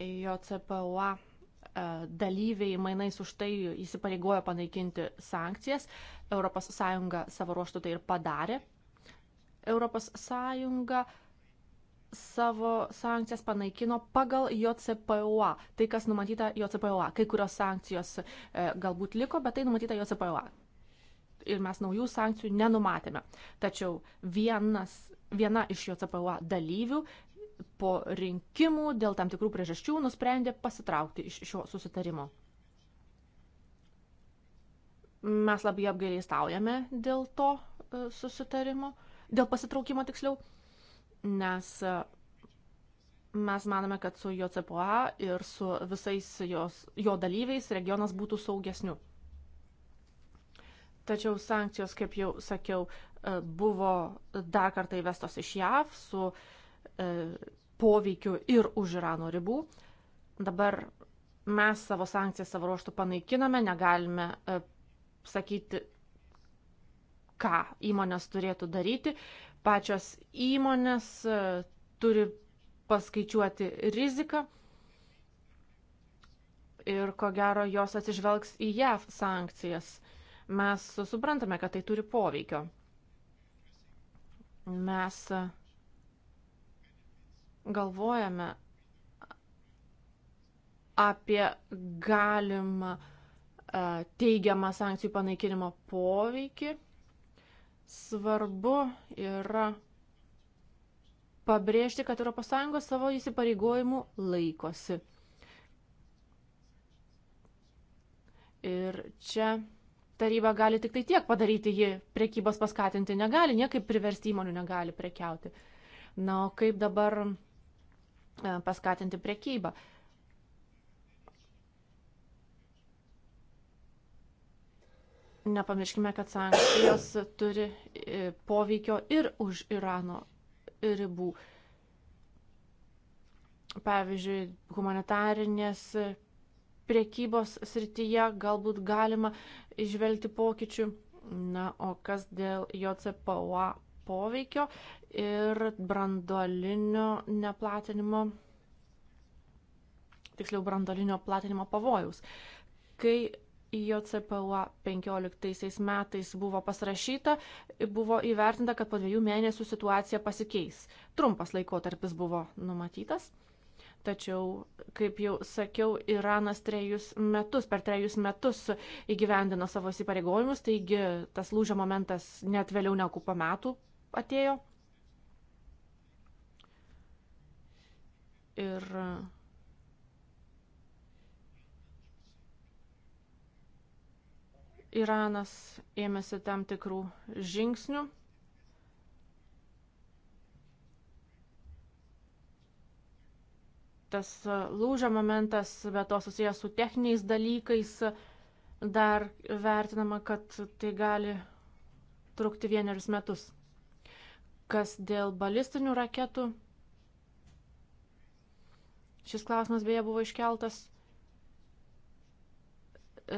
JCPOA e, dalyviai mainais už tai įsipareigojo panaikinti sankcijas. ES savo ruoštų tai ir padarė. ES savo sankcijas panaikino pagal JCPOA, tai kas numatyta JCPOA. Kai kurios sankcijos e, galbūt liko, bet tai numatyta JCPOA. Ir mes naujų sankcijų nenumatėme. Tačiau vienas, viena iš JCPOA dalyvių po rinkimų dėl tam tikrų priežasčių nusprendė pasitraukti iš šio susitarimo. Mes labai apgailėstaujame dėl to e, susitarimo, dėl pasitraukimo tiksliau nes e, mes manome, kad su JCPOA ir su visais jos, jo dalyviais regionas būtų saugesniu. Tačiau sankcijos, kaip jau sakiau, e, buvo dar kartą įvestos iš JAV su e, poveikiu ir už Irano ribų. Dabar mes savo sankcijas savo ruoštų panaikiname, negalime sakyti, ką įmonės turėtų daryti. Pačios įmonės e, turi paskaičiuoti riziką ir ko gero jos atsižvelgs į JAV sankcijas. Mes suprantame, kad tai turi poveikio. Mes e, galvojame apie galimą e, teigiamą sankcijų panaikinimo poveikį Svarbu yra pabrėžti, kad ES savo įsipareigojimų laikosi. Ir čia taryba gali tik tai tiek padaryti, ji priekybos paskatinti negali, niekaip priversti įmonių negali prekiauti. Na, o kaip dabar e, paskatinti priekybą? Nepamirškime, kad sankcijos turi e, poveikio ir už Irano ribų. Pavyzdžiui, humanitarinės priekybos srityje galbūt galima išvelgti pokyčių. Na, o kas dėl JCPOA poveikio ir brandolinio neplatinimo, tiksliau brandolinio platinimo pavojaus. Kai JCPUA 15 metais buvo pasirašyta, buvo įvertinta, kad po dviejų mėnesių situacija pasikeis. Trumpas laikotarpis buvo numatytas. Tačiau, kaip jau sakiau, Iranas trejus metus, per trejus metus įgyvendino savo įsipareigojimus, taigi tas lūžio momentas net vėliau negu po metų atėjo. Ir Iranas ėmėsi tam tikrų žingsnių. Tas lūžio momentas, be to susijęs su techniniais dalykais, dar vertinama, kad tai gali trukti vienerius metus. Kas dėl balistinių raketų, šis klausimas beje buvo iškeltas.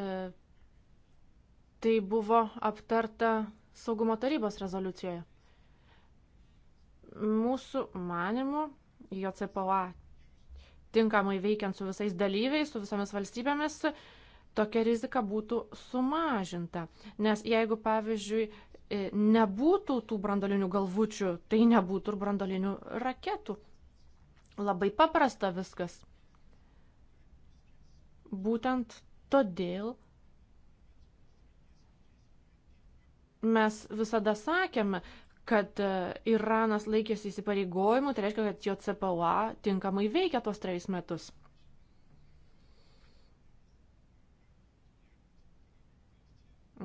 E, tai buvo aptarta saugumo tarybos rezoliucijoje. Mūsų manimu, JCPOA tinkamai veikiant su visais dalyviais, su visomis valstybėmis, tokia rizika būtų sumažinta. Nes jeigu, pavyzdžiui, e, nebūtų tų brandolinių galvučių, tai nebūtų ir brandolinių raketų. Labai paprasta viskas. Būtent todėl Mes visada sakėme, kad e, Iranas laikėsi įsipareigojimų, tai reiškia, kad jo CPUA tinkamai veikia tos trejus metus.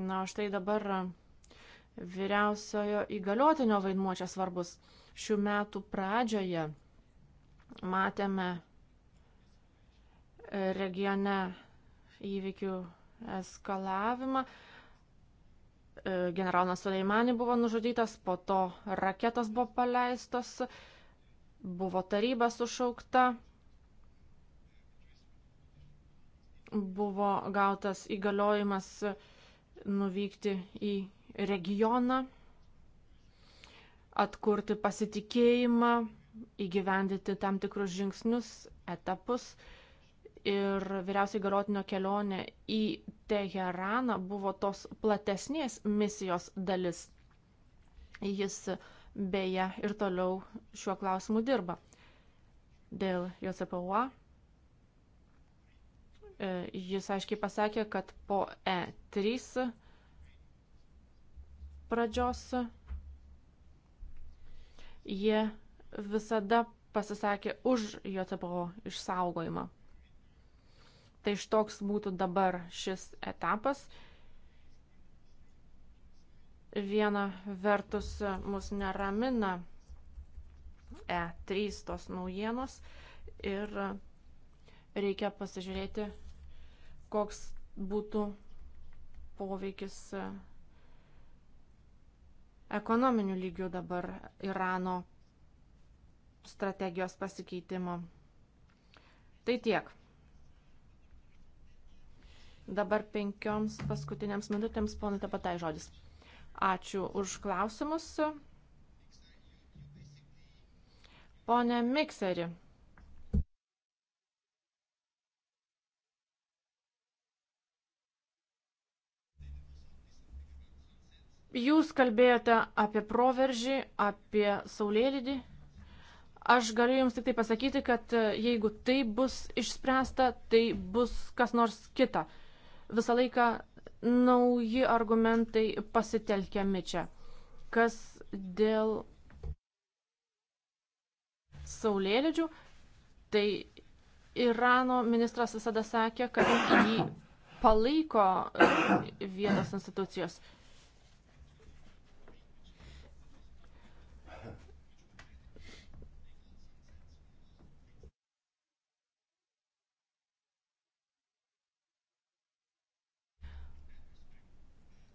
Na, štai dabar e, vyriausiojo įgaliotinio vaidmuo čia svarbus. Šių metų pradžioje matėme e, regione įvykių eskalavimą. E, generolas Suleimani buvo nužudytas, po to raketos buvo paleistos, buvo taryba sušaukta, buvo gautas įgaliojimas nuvykti į regioną, atkurti pasitikėjimą, įgyvendyti tam tikrus žingsnius, etapus ir vyriausiai galiotinio kelionė į Teheraną buvo tos platesnės misijos dalis. Jis beje ir toliau šiuo klausimu dirba. Dėl Josepaua e, jis aiškiai pasakė, kad po E3 pradžios jie visada pasisakė už Josepaua išsaugojimą. Tai štoks būtų dabar šis etapas. Viena vertus mus neramina E3 tos naujienos ir reikia pasižiūrėti, koks būtų poveikis ekonominių lygių dabar Irano strategijos pasikeitimo. Tai tiek. Dabar penkioms paskutiniams minutėms ponui tapatai žodis. Ačiū už klausimus. Pone Mikseri. Jūs kalbėjote apie proveržį, apie saulėlydį. Aš galiu Jums tik tai pasakyti, kad jeigu tai bus išspręsta, tai bus kas nors kita visą laiką nauji argumentai pasitelkiami čia. Kas dėl saulėlydžių, tai Irano ministras visada sakė, kad jį palaiko vietos institucijos.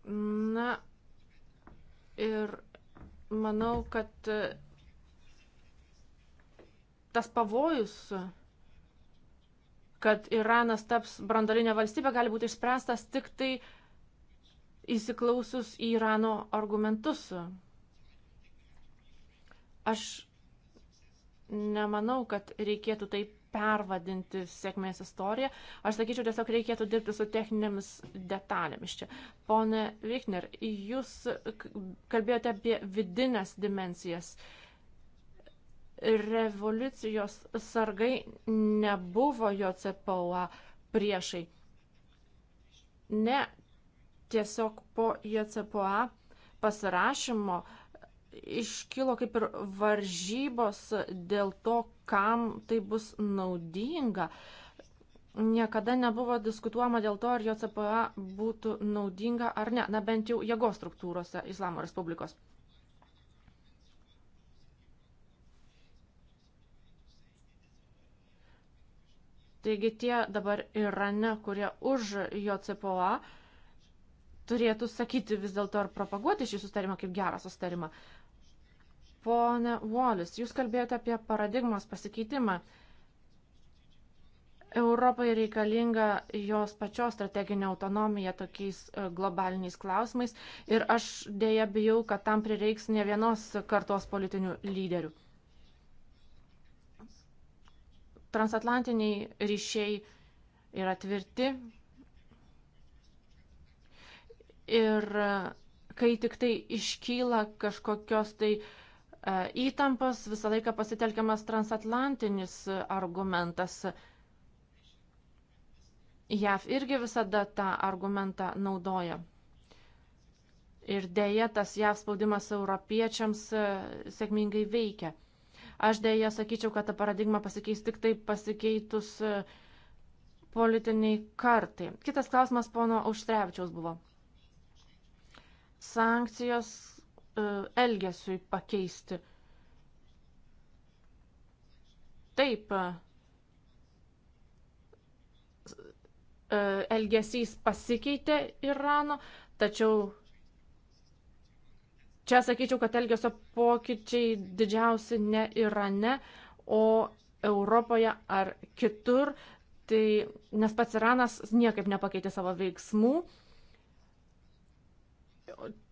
Na ir manau, kad e, tas pavojus, kad Iranas taps brandolinė valstybė, gali būti išspręstas tik tai įsiklausus į Irano argumentus. Aš nemanau, kad reikėtų taip pervadinti sėkmės istoriją. Aš sakyčiau, tiesiog reikėtų dirbti su techninėmis detalėmis čia. Pone Vikner, jūs kalbėjote apie vidinės dimensijas. Revoliucijos sargai nebuvo JCPOA priešai. Ne, tiesiog po JCPOA pasirašymo uh, iškilo kaip ir varžybos dėl to, kam tai bus naudinga. Niekada nebuvo diskutuojama dėl to, ar JCPA būtų naudinga ar ne, na bent jau jėgos struktūrose Islamo Respublikos. Taigi tie dabar Irane, kurie už JCPOA, turėtų sakyti vis dėlto ar propaguoti šį sustarimą kaip gerą sustarimą. Uh, Pone Volis, jūs kalbėjote apie paradigmos pasikeitimą. Europai reikalinga jos pačios strateginė autonomija tokiais e, globaliniais klausimais ir aš dėja bijau, kad tam prireiks ne vienos kartos politinių lyderių. Transatlantiniai ryšiai yra tvirti ir e, kai tik tai iškyla kažkokios tai uh, E, įtampas, visą laiką pasitelkiamas transatlantinis e, argumentas. JAV irgi visada tą argumentą naudoja. Ir dėja, tas JAV spaudimas europiečiams e, sėkmingai veikia. Aš dėja sakyčiau, kad ta paradigma pasikeis tik tai pasikeitus politiniai kartai. Kitas klausimas pono Auštrevičiaus buvo. Sankcijos E, elgesiui pakeisti. Taip, e, elgesys pasikeitė Irano, tačiau čia sakyčiau, kad elgesio pokyčiai didžiausi ne Irane, o Europoje ar kitur, tai, nes pats Iranas niekaip nepakeitė savo veiksmų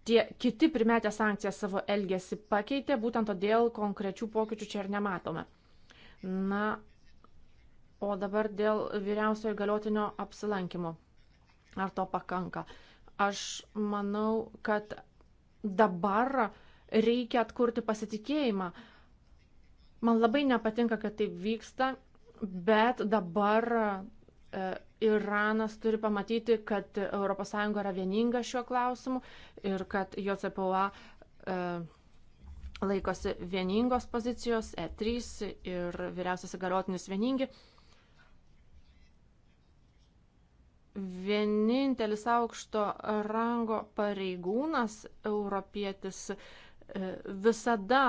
tie kiti primetę sankciją savo elgesį pakeitė, būtent todėl konkrečių pokyčių čia ir nematome. Na, o dabar dėl vyriausiojo galiotinio apsilankimo. Ar to pakanka? Aš manau, kad dabar reikia atkurti pasitikėjimą. Man labai nepatinka, kad taip vyksta, bet dabar e, Iranas turi pamatyti, kad ES yra vieninga šiuo klausimu ir kad JCPOA e, laikosi vieningos pozicijos, E3 ir vyriausias įgaliotinis vieningi. Vienintelis aukšto rango pareigūnas, europietis, e, visada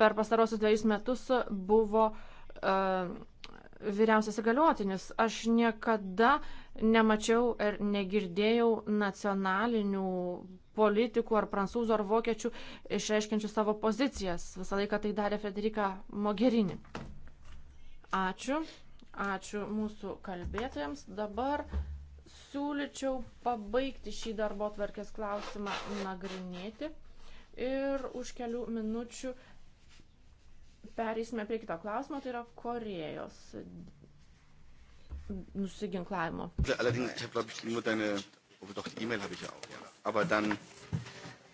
per pastarosius dviejus metus buvo uh, vyriausias įgaliotinis. Aš niekada nemačiau ir negirdėjau nacionalinių politikų ar prancūzų ar vokiečių išreiškiančių savo pozicijas. Visą laiką tai darė Federika Mogherini. Ačiū. Ačiū mūsų kalbėtojams. Dabar siūlyčiau pabaigti šį darbo tvarkės klausimą nagrinėti. Ir už kelių minučių Pereisime prie kito klausimo, tai yra Korejos nusiginklavimo. Allerdings, ich habe, glaube ich, nur deine, oh, doch, die E-Mail habe ich ja auch. Aber dann,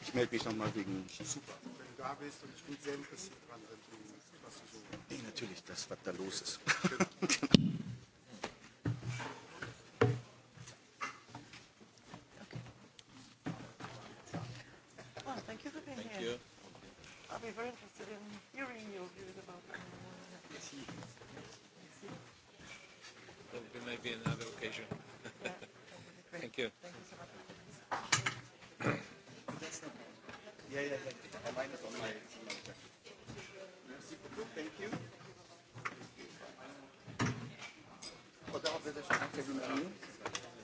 ich melde mich nochmal wegen. Super, wenn du da bist und ich bin sehr interessiert dran, was du so. Nee, natürlich, das, was da los ist. okay. Well, oh, thank you for being thank here. You. I'll be very interested in hearing your views about that. Yes, yes. There will maybe another occasion. yeah, Thank you. Thank you so much. That's not yeah, yeah, yeah. I mind it on my Merci beaucoup. Thank you. Au revoir,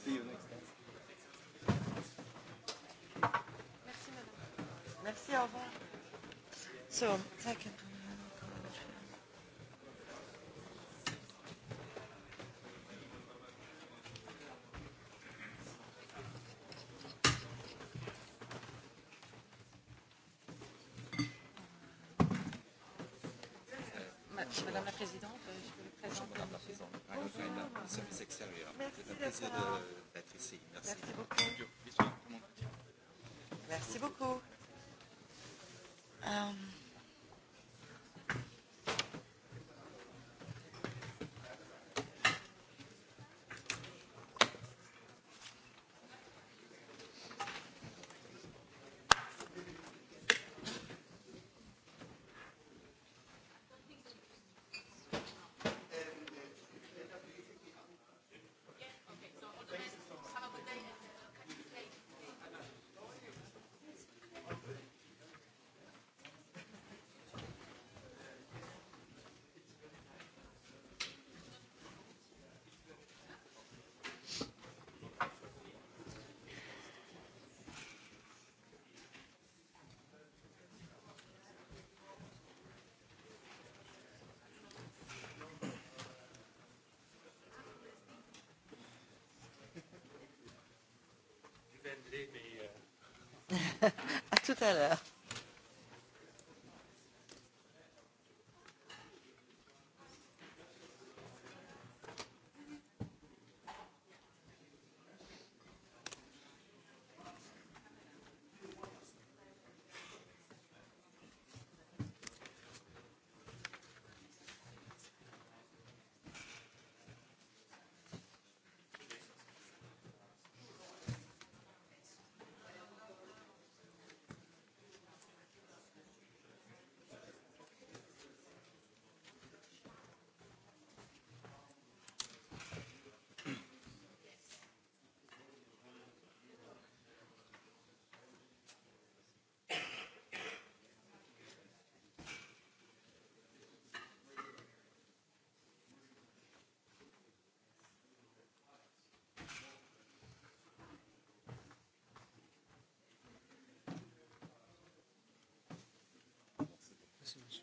See you next time. Merci, au revoir. So, second. Euh, tout à l'heure. klausimas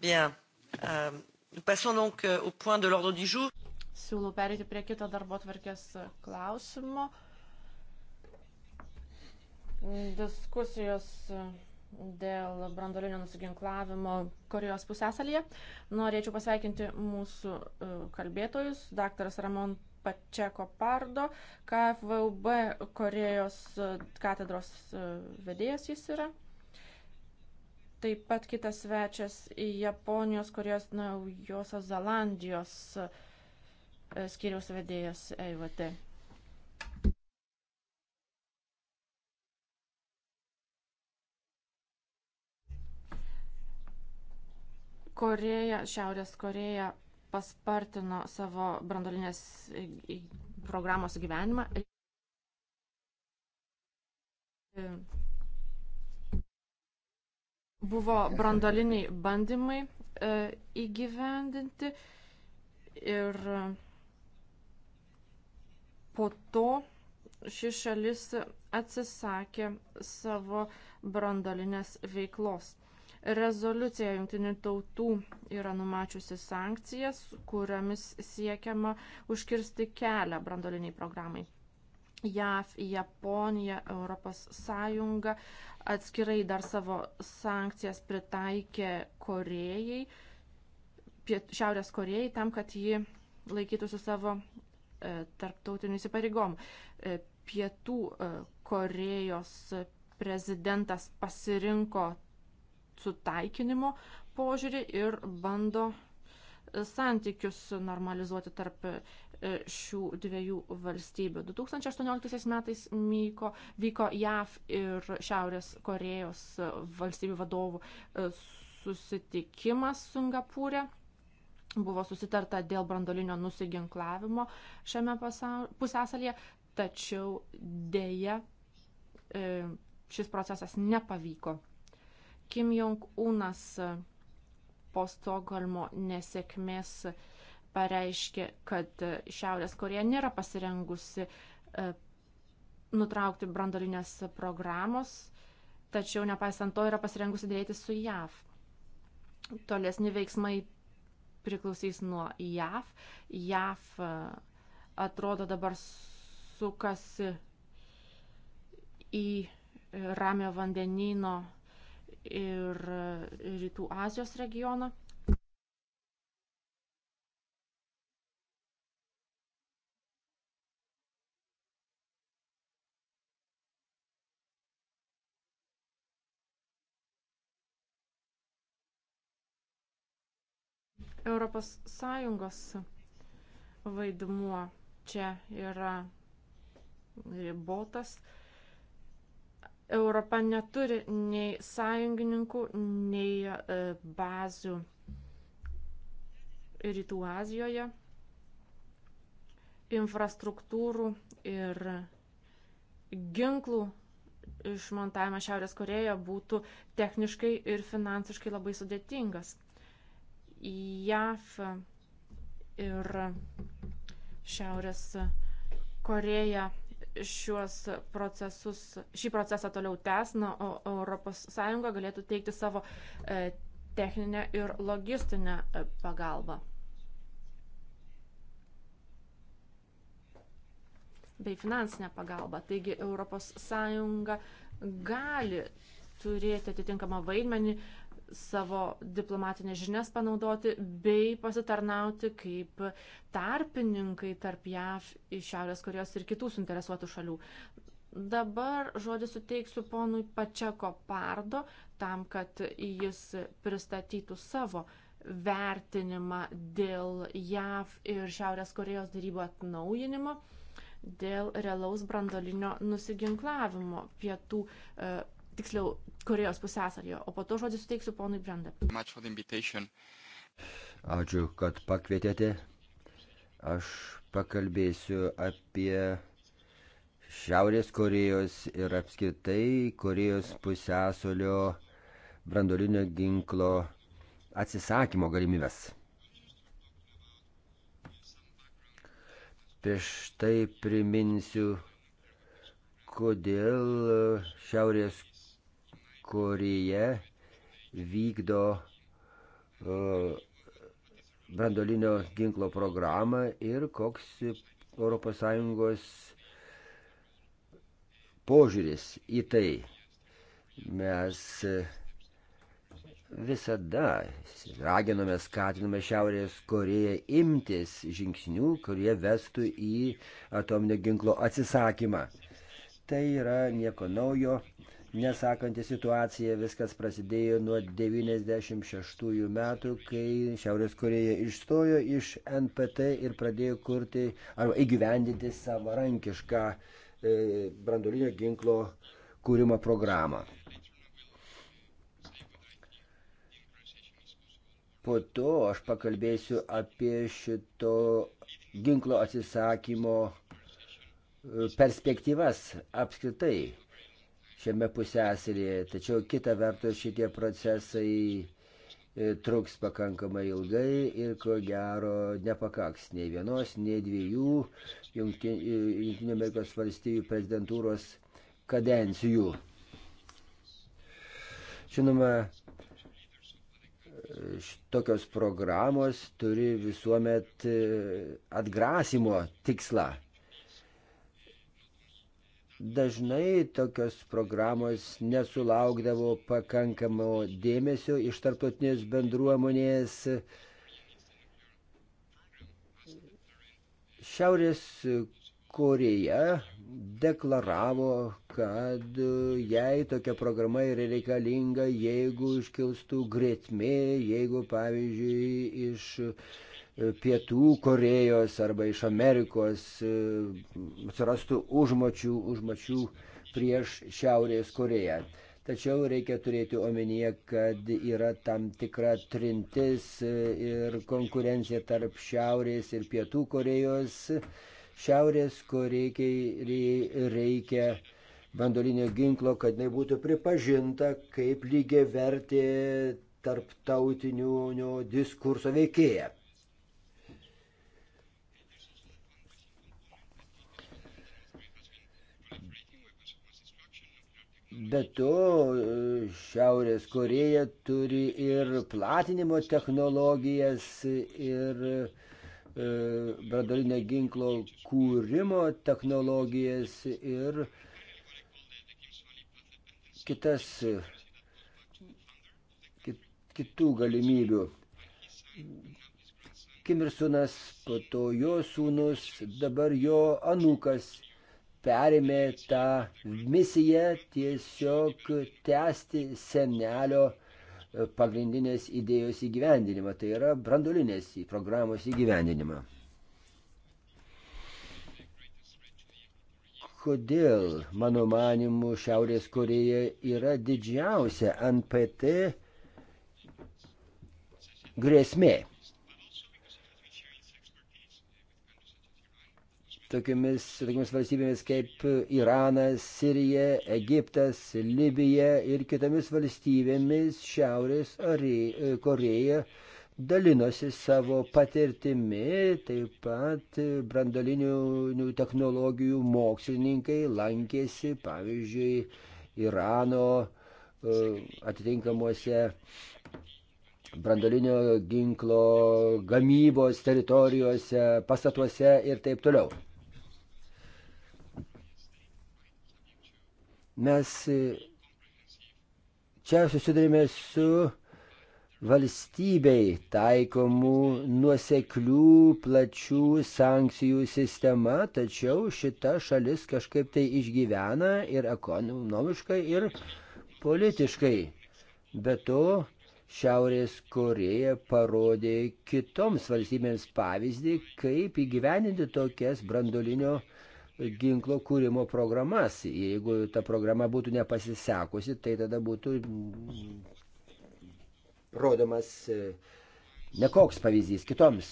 Bien. Um, passons donc euh, au point de l'ordre du jour. Siūlau perėti prie kito darbo tvarkės uh, klausimo. Diskusijos uh, dėl brandolinio nusiginklavimo Korejos pusėsalyje. Norėčiau pasveikinti mūsų uh, kalbėtojus, dr. Ramon Pačeko Pardo, KFVB Korejos katedros vedėjas jis yra. Taip pat kitas svečias Japonijos, Korejos, Naujosios Zelandijos e, skiriaus vedėjas EIVT. Koreja, Šiaurės Koreja paspartino savo brandolinės e, e, programos gyvenimą. Buvo brandoliniai bandymai e, įgyvendinti ir po to ši šalis atsisakė savo brandolinės veiklos. Rezoliucija jungtinių tautų yra numačiusi sankcijas, kuriamis siekiama užkirsti kelią brandoliniai programai. JAV, Japonija, Europos Sąjunga atskirai dar savo sankcijas pritaikė Korejai, Piet, Šiaurės Korejai, tam, kad ji laikytųsi savo e, tarptautinių įsipareigomų. E, pietų e, Korejos prezidentas pasirinko sutaikinimo požiūrį ir bando santykius normalizuoti tarp e, šių dviejų valstybių. 2018 metais myko, vyko JAV ir Šiaurės Korejos e, valstybių vadovų e, susitikimas Singapūrė. Buvo susitarta dėl brandolinio nusiginklavimo šiame pusėsalyje, tačiau dėja šis procesas nepavyko. Kim Jong-unas po Stokholmo nesėkmės pareiškė, kad e, Šiaurės Korėja nėra pasirengusi e, nutraukti brandolinės programos, tačiau nepaisant to yra pasirengusi dėrėti su JAV. Tolesni veiksmai priklausys nuo JAV. JAV e, atrodo dabar sukasi į ramio vandenino ir Rytų Azijos regioną. Europos Sąjungos vaidmuo čia yra ribotas. Europa neturi nei sąjungininkų, nei e, bazių Rytų Azijoje, infrastruktūrų ir ginklų išmontavimas Šiaurės Korejoje būtų techniškai ir finansiškai labai sudėtingas. JAF ir Šiaurės Koreja šiuos procesus, šį procesą toliau tęs, na, o ES galėtų teikti savo e, techninę ir logistinę e, pagalbą. bei finansinę pagalbą. Taigi ES gali turėti atitinkamą vaidmenį savo diplomatinės žinias panaudoti bei pasitarnauti kaip tarpininkai tarp JAV, Šiaurės Korejos ir kitų suinteresuotų šalių. Dabar žodį suteiksiu ponui Pačeko Pardo tam, kad jis pristatytų savo vertinimą dėl JAV ir Šiaurės Korejos darybų atnaujinimo, dėl realaus brandolinio nusiginklavimo pietų, e, tiksliau Korejos pusėsario. O po to žodį suteiksiu ponui Brenda. Ačiū, kad pakvietėte. Aš pakalbėsiu apie Šiaurės Korejos ir apskritai Korejos pusėsalio brandolinio ginklo atsisakymo galimybės. Prieš tai priminsiu, kodėl Šiaurės kurie vykdo e, brandolinio ginklo programą ir koks ES požiūris į tai. Mes visada raginome, skatinome Šiaurės Koreją imtis žingsnių, kurie vestų į atominio ginklo atsisakymą. Tai yra nieko naujo nesakantį situaciją. Viskas prasidėjo nuo 96 metų, kai Šiaurės Koreja išstojo iš NPT ir pradėjo kurti arba įgyvendinti savarankišką e, branduolinio ginklo kūrimo programą. Po to aš pakalbėsiu apie šito ginklo atsisakymo e, perspektyvas apskritai šiame pusėsarėje. Tačiau kita vertus šitie procesai e, truks pakankamai ilgai ir ko gero nepakaks nei vienos, nei dviejų Junktinių e, Amerikos valstybių prezidentūros kadencijų. Žinoma, tokios programos turi visuomet e, atgrasimo tikslą Dažnai tokios programos nesulaukdavo pakankamo dėmesio iš tarptautinės bendruomonės. Šiaurės Koreja deklaravo, kad jai tokia programa yra reikalinga, jeigu iškilstų grėtmė, jeigu, pavyzdžiui, iš E, pietų Korejos arba iš Amerikos e, atsirastų užmačių, užmačių prieš Šiaurės Koreją. Tačiau reikia turėti omenyje, kad yra tam tikra trintis e, ir konkurencija tarp Šiaurės ir Pietų Korejos. Šiaurės Korejai reikia bandolinio ginklo, kad jinai būtų pripažinta kaip lygiai vertė tarptautinių diskurso veikėja. Be to, Šiaurės Koreja turi ir platinimo technologijas, ir e, bradalinio ginklo kūrimo technologijas, ir kitas, kit, kitų galimybių. Kimirsunas, po to jo sūnus, dabar jo anukas perėmė tą misiją tiesiog tęsti senelio e, pagrindinės idėjos įgyvendinimą, tai yra brandulinės programos įgyvendinimą. Kodėl, mano manimu, Šiaurės Koreja yra didžiausia NPT grėsmė? tokiamis, tokiamis valstybėmis kaip Iranas, Sirija, Egiptas, Libija ir kitomis valstybėmis Šiaurės Koreja dalinosi savo patirtimi, taip pat brandolinių technologijų mokslininkai lankėsi, pavyzdžiui, Irano e, atitinkamuose brandolinio ginklo gamybos teritorijose, pastatuose ir taip toliau. Mes e, čia susidurime su valstybei taikomų nuoseklių plačių sankcijų sistema, tačiau šita šalis kažkaip tai išgyvena ir ekonomiškai, ir politiškai. Be to, Šiaurės Koreja parodė kitoms valstybėms pavyzdį, kaip įgyveninti tokias brandolinio ginklo kūrimo programas. Jeigu ta programa būtų nepasisekusi, tai tada būtų mm, rodomas e, nekoks pavyzdys kitoms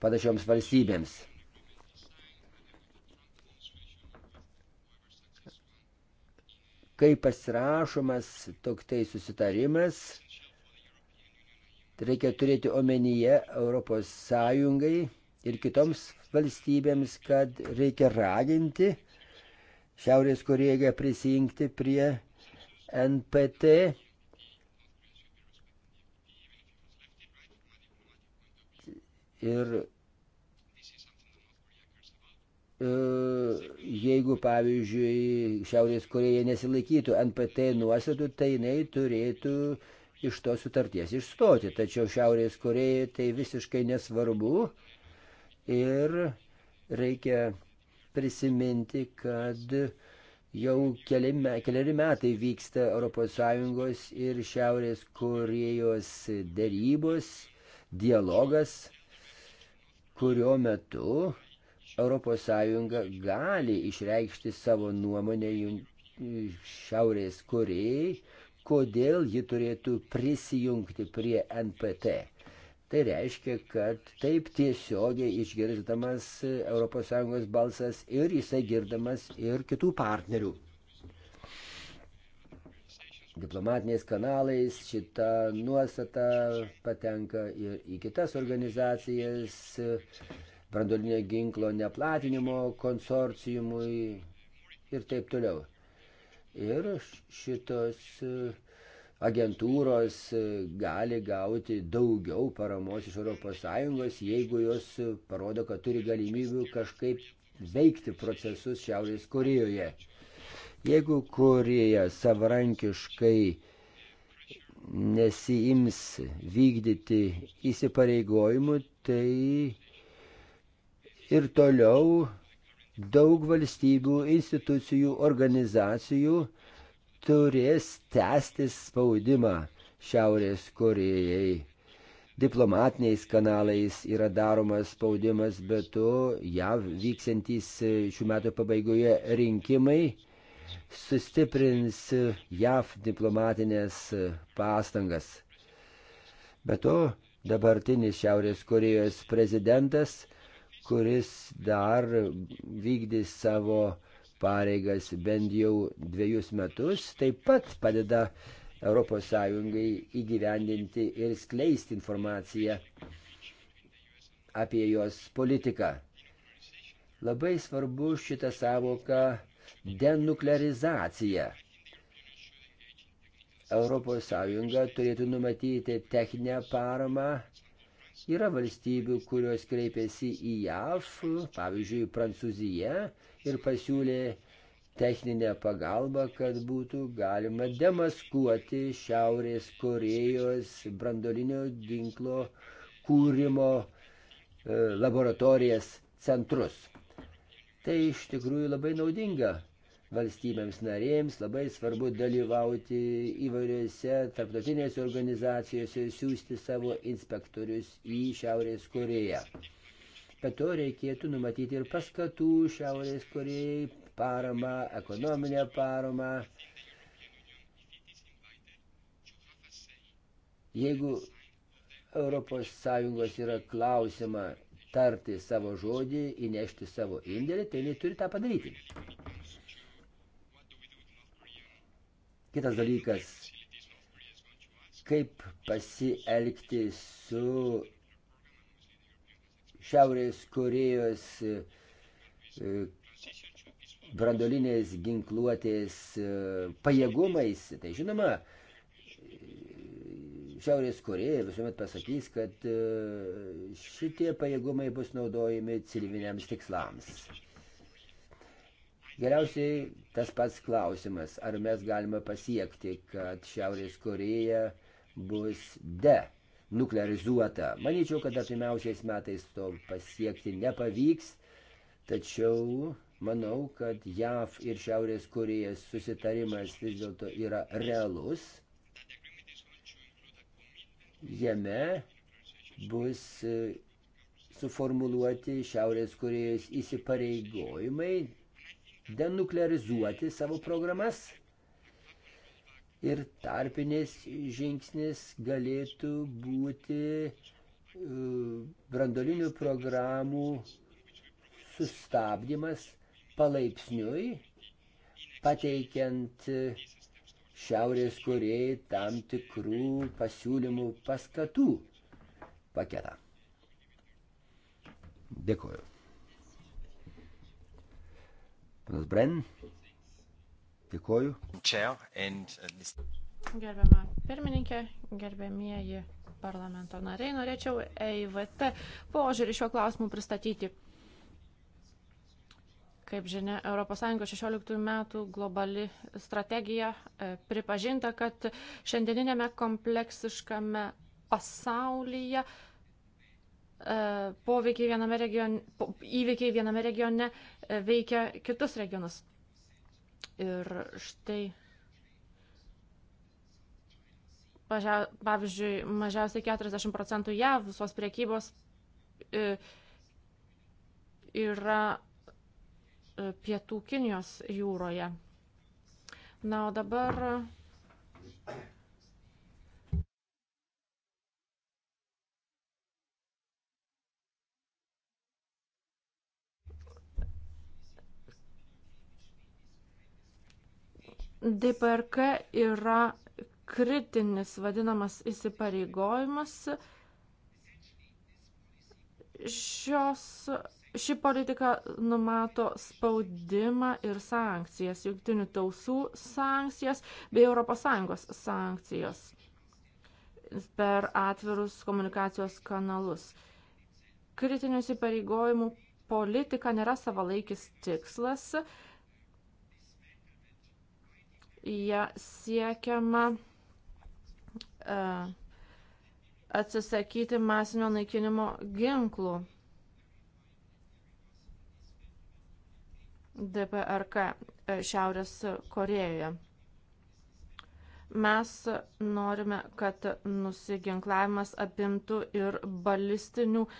panašioms valstybėms. Kai pasirašomas toktai susitarimas, tai reikia turėti omenyje Europos Sąjungai ir kitoms valstybėms, kad reikia raginti Šiaurės Koreją prisijungti prie NPT. Ir e, jeigu, pavyzdžiui, Šiaurės Koreja nesilaikytų NPT nuostatų, tai jinai turėtų iš tos sutarties išstoti. Tačiau Šiaurės Korejai tai visiškai nesvarbu ir reikia prisiminti, kad jau keli, keliari metai vyksta ES ir Šiaurės Korejos dėrybos, dialogas, kurio metu ES gali išreikšti savo nuomonę Šiaurės Korejai, kodėl ji turėtų prisijungti prie NPT. Tai reiškia, kad taip tiesiogiai išgirdamas ES balsas ir jisai girdamas ir kitų partnerių. Diplomatiniais kanalais šita nuostata patenka ir į kitas organizacijas, brandolinio ginklo neplatinimo konsorciumui ir taip toliau. Ir šitos agentūros gali gauti daugiau paramos iš ES, jeigu jos parodo, kad turi galimybių kažkaip veikti procesus Šiaurės Korejoje. Jeigu Koreja savarankiškai nesiims vykdyti įsipareigojimų, tai ir toliau daug valstybių, institucijų, organizacijų turės tęsti spaudimą Šiaurės Korejai. Diplomatiniais kanalais yra daromas spaudimas, bet to jav vyksiantys šių metų pabaigoje rinkimai sustiprins jav diplomatinės pastangas. Bet to dabartinis Šiaurės Korejos prezidentas, kuris dar vykdys savo pareigas bent jau dviejus metus, taip pat padeda ES įgyvendinti ir skleisti informaciją apie jos politiką. Labai svarbu šitą savoką denuklearizacija. ES turėtų numatyti techninę paramą. Yra valstybių, kurios kreipiasi į JAV, pavyzdžiui, Prancūzija, ir pasiūlė techninę pagalbą, kad būtų galima demaskuoti Šiaurės Korejos brandolinio ginklo kūrimo e, laboratorijas centrus. Tai iš tikrųjų labai naudinga valstybėms narėms, labai svarbu dalyvauti įvairiose tarptautinėse organizacijose, siūsti savo inspektorius į Šiaurės Koreją. Bet to reikėtų numatyti ir paskatų Šiaurės Korejai paramą, ekonominę paramą. Jeigu ES yra klausima tarti savo žodį, įnešti savo indėlį, tai jis turi tą padaryti. Kitas dalykas, kaip pasielgti su Šiaurės Korejos e, brandolinės ginkluotės e, pajėgumais. Tai žinoma, e, Šiaurės Koreja visuomet pasakys, kad šitie pajėgumai bus naudojami civiliniams tikslams. Galiausiai tas pats klausimas, ar mes galime pasiekti, kad Šiaurės Koreja bus de nuklearizuota. Manyčiau, kad artimiausiais metais to pasiekti nepavyks, tačiau manau, kad JAV ir Šiaurės Korejos susitarimas vis dėlto yra realus. Jame bus e, suformuluoti Šiaurės Korejos įsipareigojimai denuklearizuoti savo programas ir tarpinės žingsnis galėtų būti e, brandolinių programų sustabdymas palaipsniui, pateikiant Šiaurės Korejai tam tikrų pasiūlymų paskatų paketą. Dėkuoju. Panas Bren. Dėkoju. Uh, Gerbiama pirmininkė, gerbėmieji parlamento nariai, norėčiau EIVT požiūrį šiuo klausimu pristatyti. Kaip žinia, ES 16 metų globali strategija e, pripažinta, kad šiandieninėme kompleksiškame pasaulyje e, poveikiai viename regione, įvykiai viename regione e, veikia kitus regionus. Ir štai, pavyzdžiui, mažiausiai 40 procentų JAV visos priekybos e, yra e, pietų Kinijos jūroje. Na, o dabar DPRK yra kritinis vadinamas įsipareigojimas. Šios, ši politika numato spaudimą ir sankcijas, jungtinių tausų sankcijas bei ES sankcijas per atvirus komunikacijos kanalus. Kritinių įsipareigojimų politika nėra savalaikis tikslas, ją siekiama e, atsisakyti masinio naikinimo ginklų. DPRK e, Šiaurės Korejoje. Mes norime, kad nusiginklavimas apimtų ir balistinių e,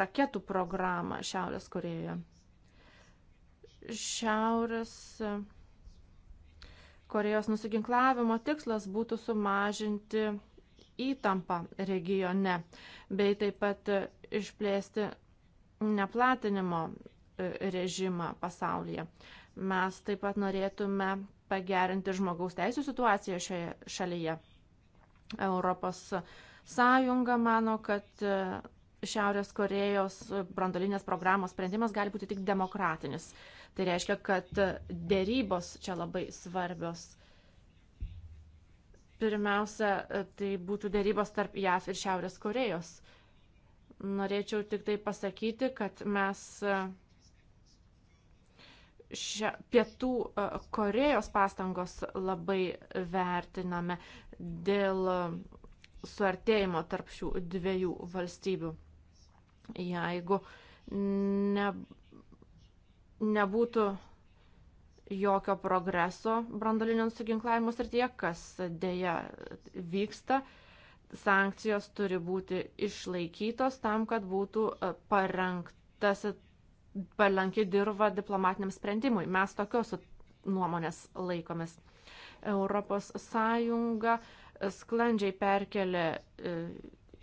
raketų programą Šiaurės Korejoje. Šiaurės Korejoje Korejos nusiginklavimo tikslas būtų sumažinti įtampą regione, bei taip pat išplėsti neplatinimo e, režimą pasaulyje. Mes taip pat norėtume pagerinti žmogaus teisų situaciją šioje šalyje. Europos Sąjunga mano, kad e, Šiaurės Korejos brandolinės programos sprendimas gali būti tik demokratinis. Tai reiškia, kad dėrybos čia labai svarbios. Pirmiausia, tai būtų dėrybos tarp JAF ir Šiaurės Korejos. Norėčiau tik tai pasakyti, kad mes e, šia, pietų e, Korejos pastangos labai vertiname dėl e, suartėjimo tarp šių dviejų valstybių jeigu ne, nebūtų jokio progreso brandolinio nusiginklavimo srityje, kas dėja vyksta. Sankcijos turi būti išlaikytos tam, kad būtų e, parengtas palanki dirba diplomatiniam sprendimui. Mes tokios nuomonės laikomės. Europos Sąjunga sklandžiai perkelė e,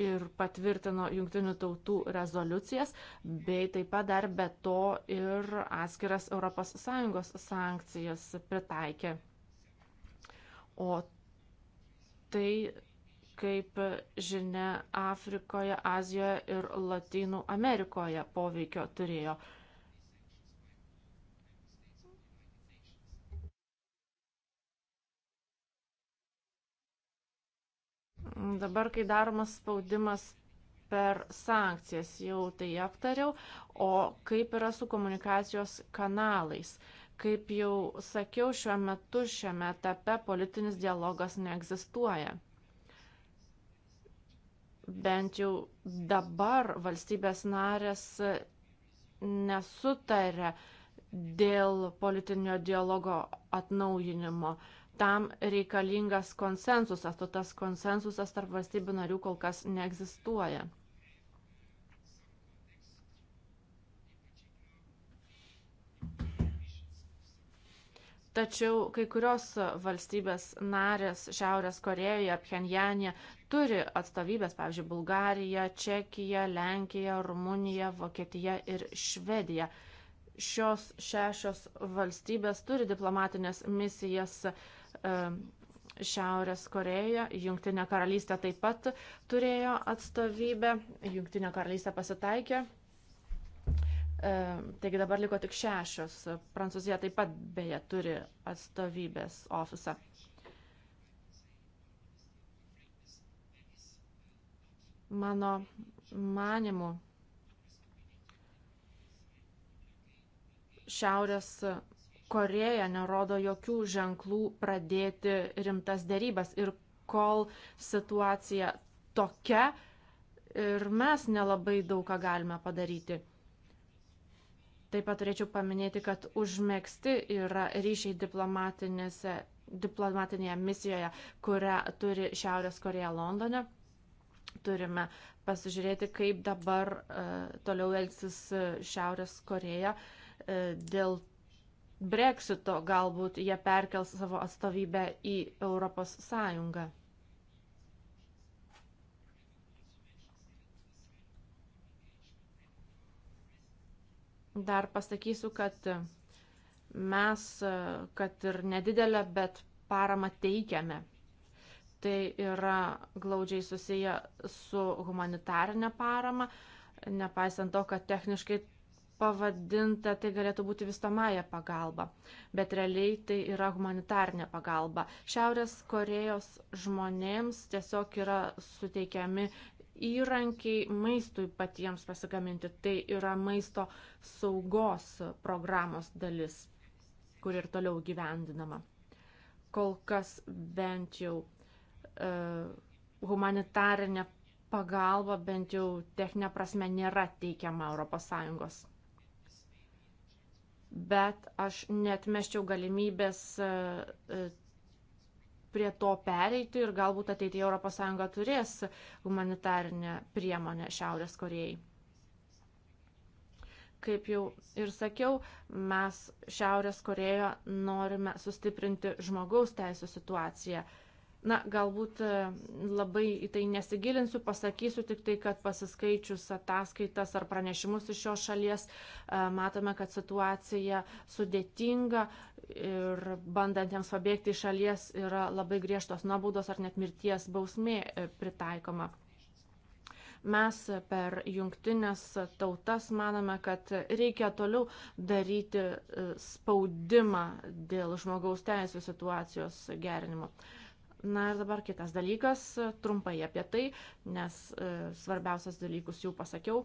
ir patvirtino jungtinių tautų rezoliucijas, bei taip pat dar be to ir atskiras ES sankcijas pritaikė. O tai, kaip žinia, Afrikoje, Azijoje ir Latinų Amerikoje poveikio turėjo. Dabar, kai daromas spaudimas per sankcijas, jau tai aptariau, o kaip yra su komunikacijos kanalais. Kaip jau sakiau, šiuo metu šiame etape politinis dialogas neegzistuoja bent jau dabar valstybės narės nesutarė dėl politinio dialogo atnaujinimo tam reikalingas konsensusas, o tas konsensusas tarp valstybių narių kol kas neegzistuoja. Tačiau kai kurios valstybės narės Šiaurės Korejoje, Pchenjanė turi atstovybės, pavyzdžiui, Bulgarija, Čekija, Lenkija, Rumunija, Vokietija ir Švedija. Šios šešios valstybės turi diplomatinės misijas uh, E, Šiaurės Koreja, Junktinė karalystė taip pat turėjo atstovybę, Junktinė karalystė pasitaikė. E, taigi dabar liko tik šešios. Prancūzija taip pat beje turi atstovybės ofisą. Mano manimu, Šiaurės Koreja nerodo jokių ženklų pradėti rimtas dėrybas. Ir kol situacija tokia, ir mes nelabai daug ką galime padaryti. Taip pat turėčiau paminėti, kad užmėgsti yra ryšiai diplomatinėje misijoje, kurią turi Šiaurės Koreja Londone. Turime pasižiūrėti, kaip dabar e, toliau elgsis e, Šiaurės Koreja e, dėl breksito galbūt jie perkels savo atstovybę į Europos Sąjungą. Dar pasakysiu, kad mes, kad ir nedidelę, bet paramą teikiame. Tai yra glaudžiai susiję su humanitarinė parama, nepaisant to, kad techniškai pavadinta, tai galėtų būti vystamąją pagalbą, bet realiai tai yra humanitarnė pagalba. Šiaurės Korejos žmonėms tiesiog yra suteikiami įrankiai maistui patiems pasigaminti. Tai yra maisto saugos programos dalis, kur ir toliau gyvendinama. Kol kas bent jau e, humanitarinė pagalba, bent jau techninė prasme, nėra teikiama ES bet aš netmeščiau galimybės e, e, prie to pereiti ir galbūt ateityje ES turės humanitarinę priemonę Šiaurės Korejai. Kaip jau ir sakiau, mes Šiaurės Korejoje norime sustiprinti žmogaus teisų situaciją. Uh, Na, galbūt e, labai į tai nesigilinsiu, pasakysiu tik tai, kad pasiskaičius ataskaitas ar pranešimus iš šios šalies, e, matome, kad situacija sudėtinga ir bandantiems pabėgti iš šalies yra labai griežtos nuobaudos ar net mirties bausmė e, pritaikoma. Mes per jungtinės tautas manome, kad reikia toliau daryti spaudimą dėl žmogaus teisų situacijos gerinimo. Uh, Na ir dabar kitas dalykas, trumpai apie tai, nes e, svarbiausias dalykus jau pasakiau.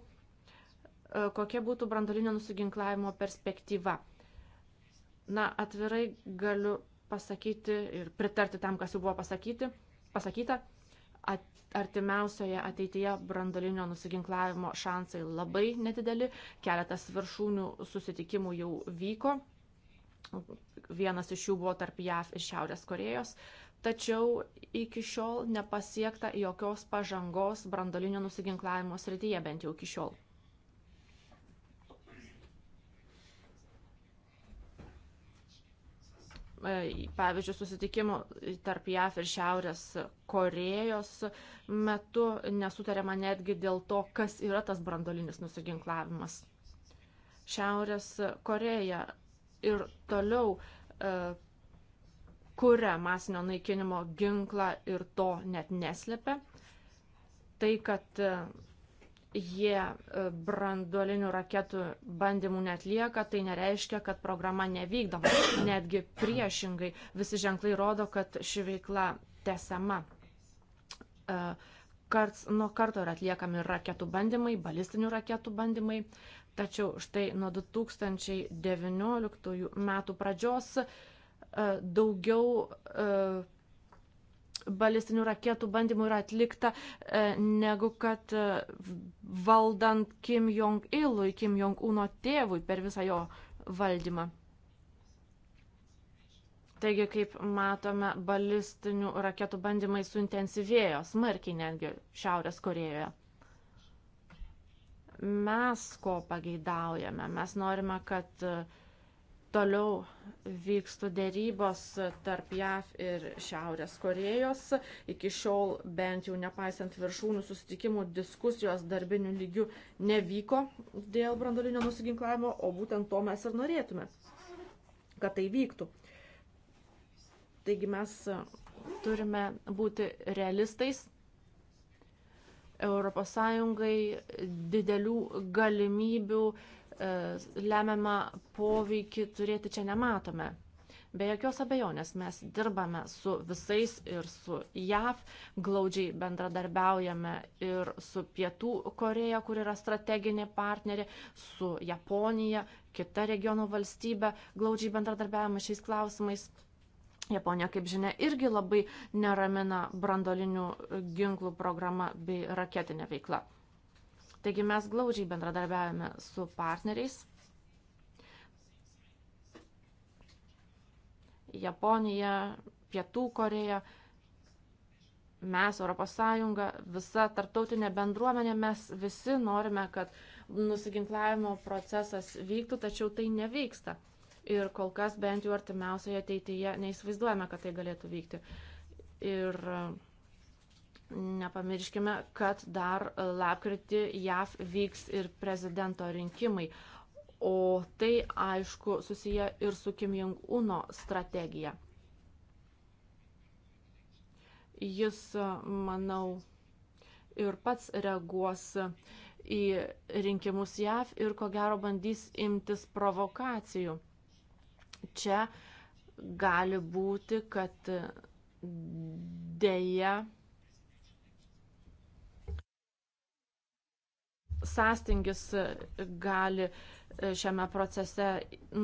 E, kokia būtų brandolinio nusiginklavimo perspektyva? Na, atvirai galiu pasakyti ir pritarti tam, kas jau buvo pasakyti, pasakyta. At, artimiausioje ateityje brandolinio nusiginklavimo šansai labai nedideli. Keletas viršūnių susitikimų jau vyko. Vienas iš jų buvo tarp JAV ir Šiaurės Korejos. E, tačiau iki šiol nepasiekta jokios pažangos brandolinio nusiginklavimo srityje, bent jau iki šiol. E, pavyzdžiui, susitikimų tarp JAF ir Šiaurės Korejos metu nesutarėma netgi dėl to, kas yra tas brandolinis nusiginklavimas. Šiaurės Koreja ir toliau e, kuria masinio naikinimo ginklą ir to net neslepia. Tai, kad e, jie e, branduolinių raketų bandymų netlieka, tai nereiškia, kad programa nevykdoma. Netgi priešingai visi ženklai rodo, kad ši veikla tesama. E, karts nuo karto yra atliekami raketų bandymai, balistinių raketų bandymai, tačiau štai nuo 2019 metų pradžios E, daugiau e, balistinių raketų bandymų yra atlikta e, negu kad valdant Kim Jong-ilui, Kim Jong-uno tėvui per visą jo valdymą. Taigi, kaip matome, balistinių raketų bandymai suintensyvėjo smarkiai netgi Šiaurės Korejoje. Mes ko pageidaujame? Mes norime, kad uh, Toliau vykstų dėrybos tarp JAV ir Šiaurės Korejos. Iki šiol, bent jau nepaisant viršūnų susitikimų, diskusijos darbinių lygių nevyko dėl brandolinio nusiginklavimo, o būtent to mes ir norėtume, kad tai vyktų. Taigi mes turime būti realistais. ES didelių galimybių E, lemiamą poveikį turėti čia nematome. Be jokios abejonės mes dirbame su visais ir su JAV, glaudžiai bendradarbiaujame ir su Pietų Koreja, kur yra strateginė partnerė, su Japonija, kita regiono valstybė, glaudžiai bendradarbiavame šiais klausimais. Japonija, kaip žinia, irgi labai neramina brandolinių ginklų programa bei raketinė veikla. Taigi mes glaudžiai bendradarbiavame su partneriais. Japonija, Pietų Koreja, mes, ES, visa tarptautinė bendruomenė, mes visi norime, kad nusiginklavimo procesas vyktų, tačiau tai nevyksta. Ir kol kas bent jau artimiausioje ateityje neįsivaizduojame, kad tai galėtų vykti. Ir uh, Nepamirškime, kad dar lapkritį JAV vyks ir prezidento rinkimai, o tai aišku susiję ir su Kim Jong-uno strategija. Jis, manau, ir pats reaguos į rinkimus JAV ir ko gero bandys imtis provokacijų. Čia gali būti, kad dėja sąstingis e, gali e, šiame procese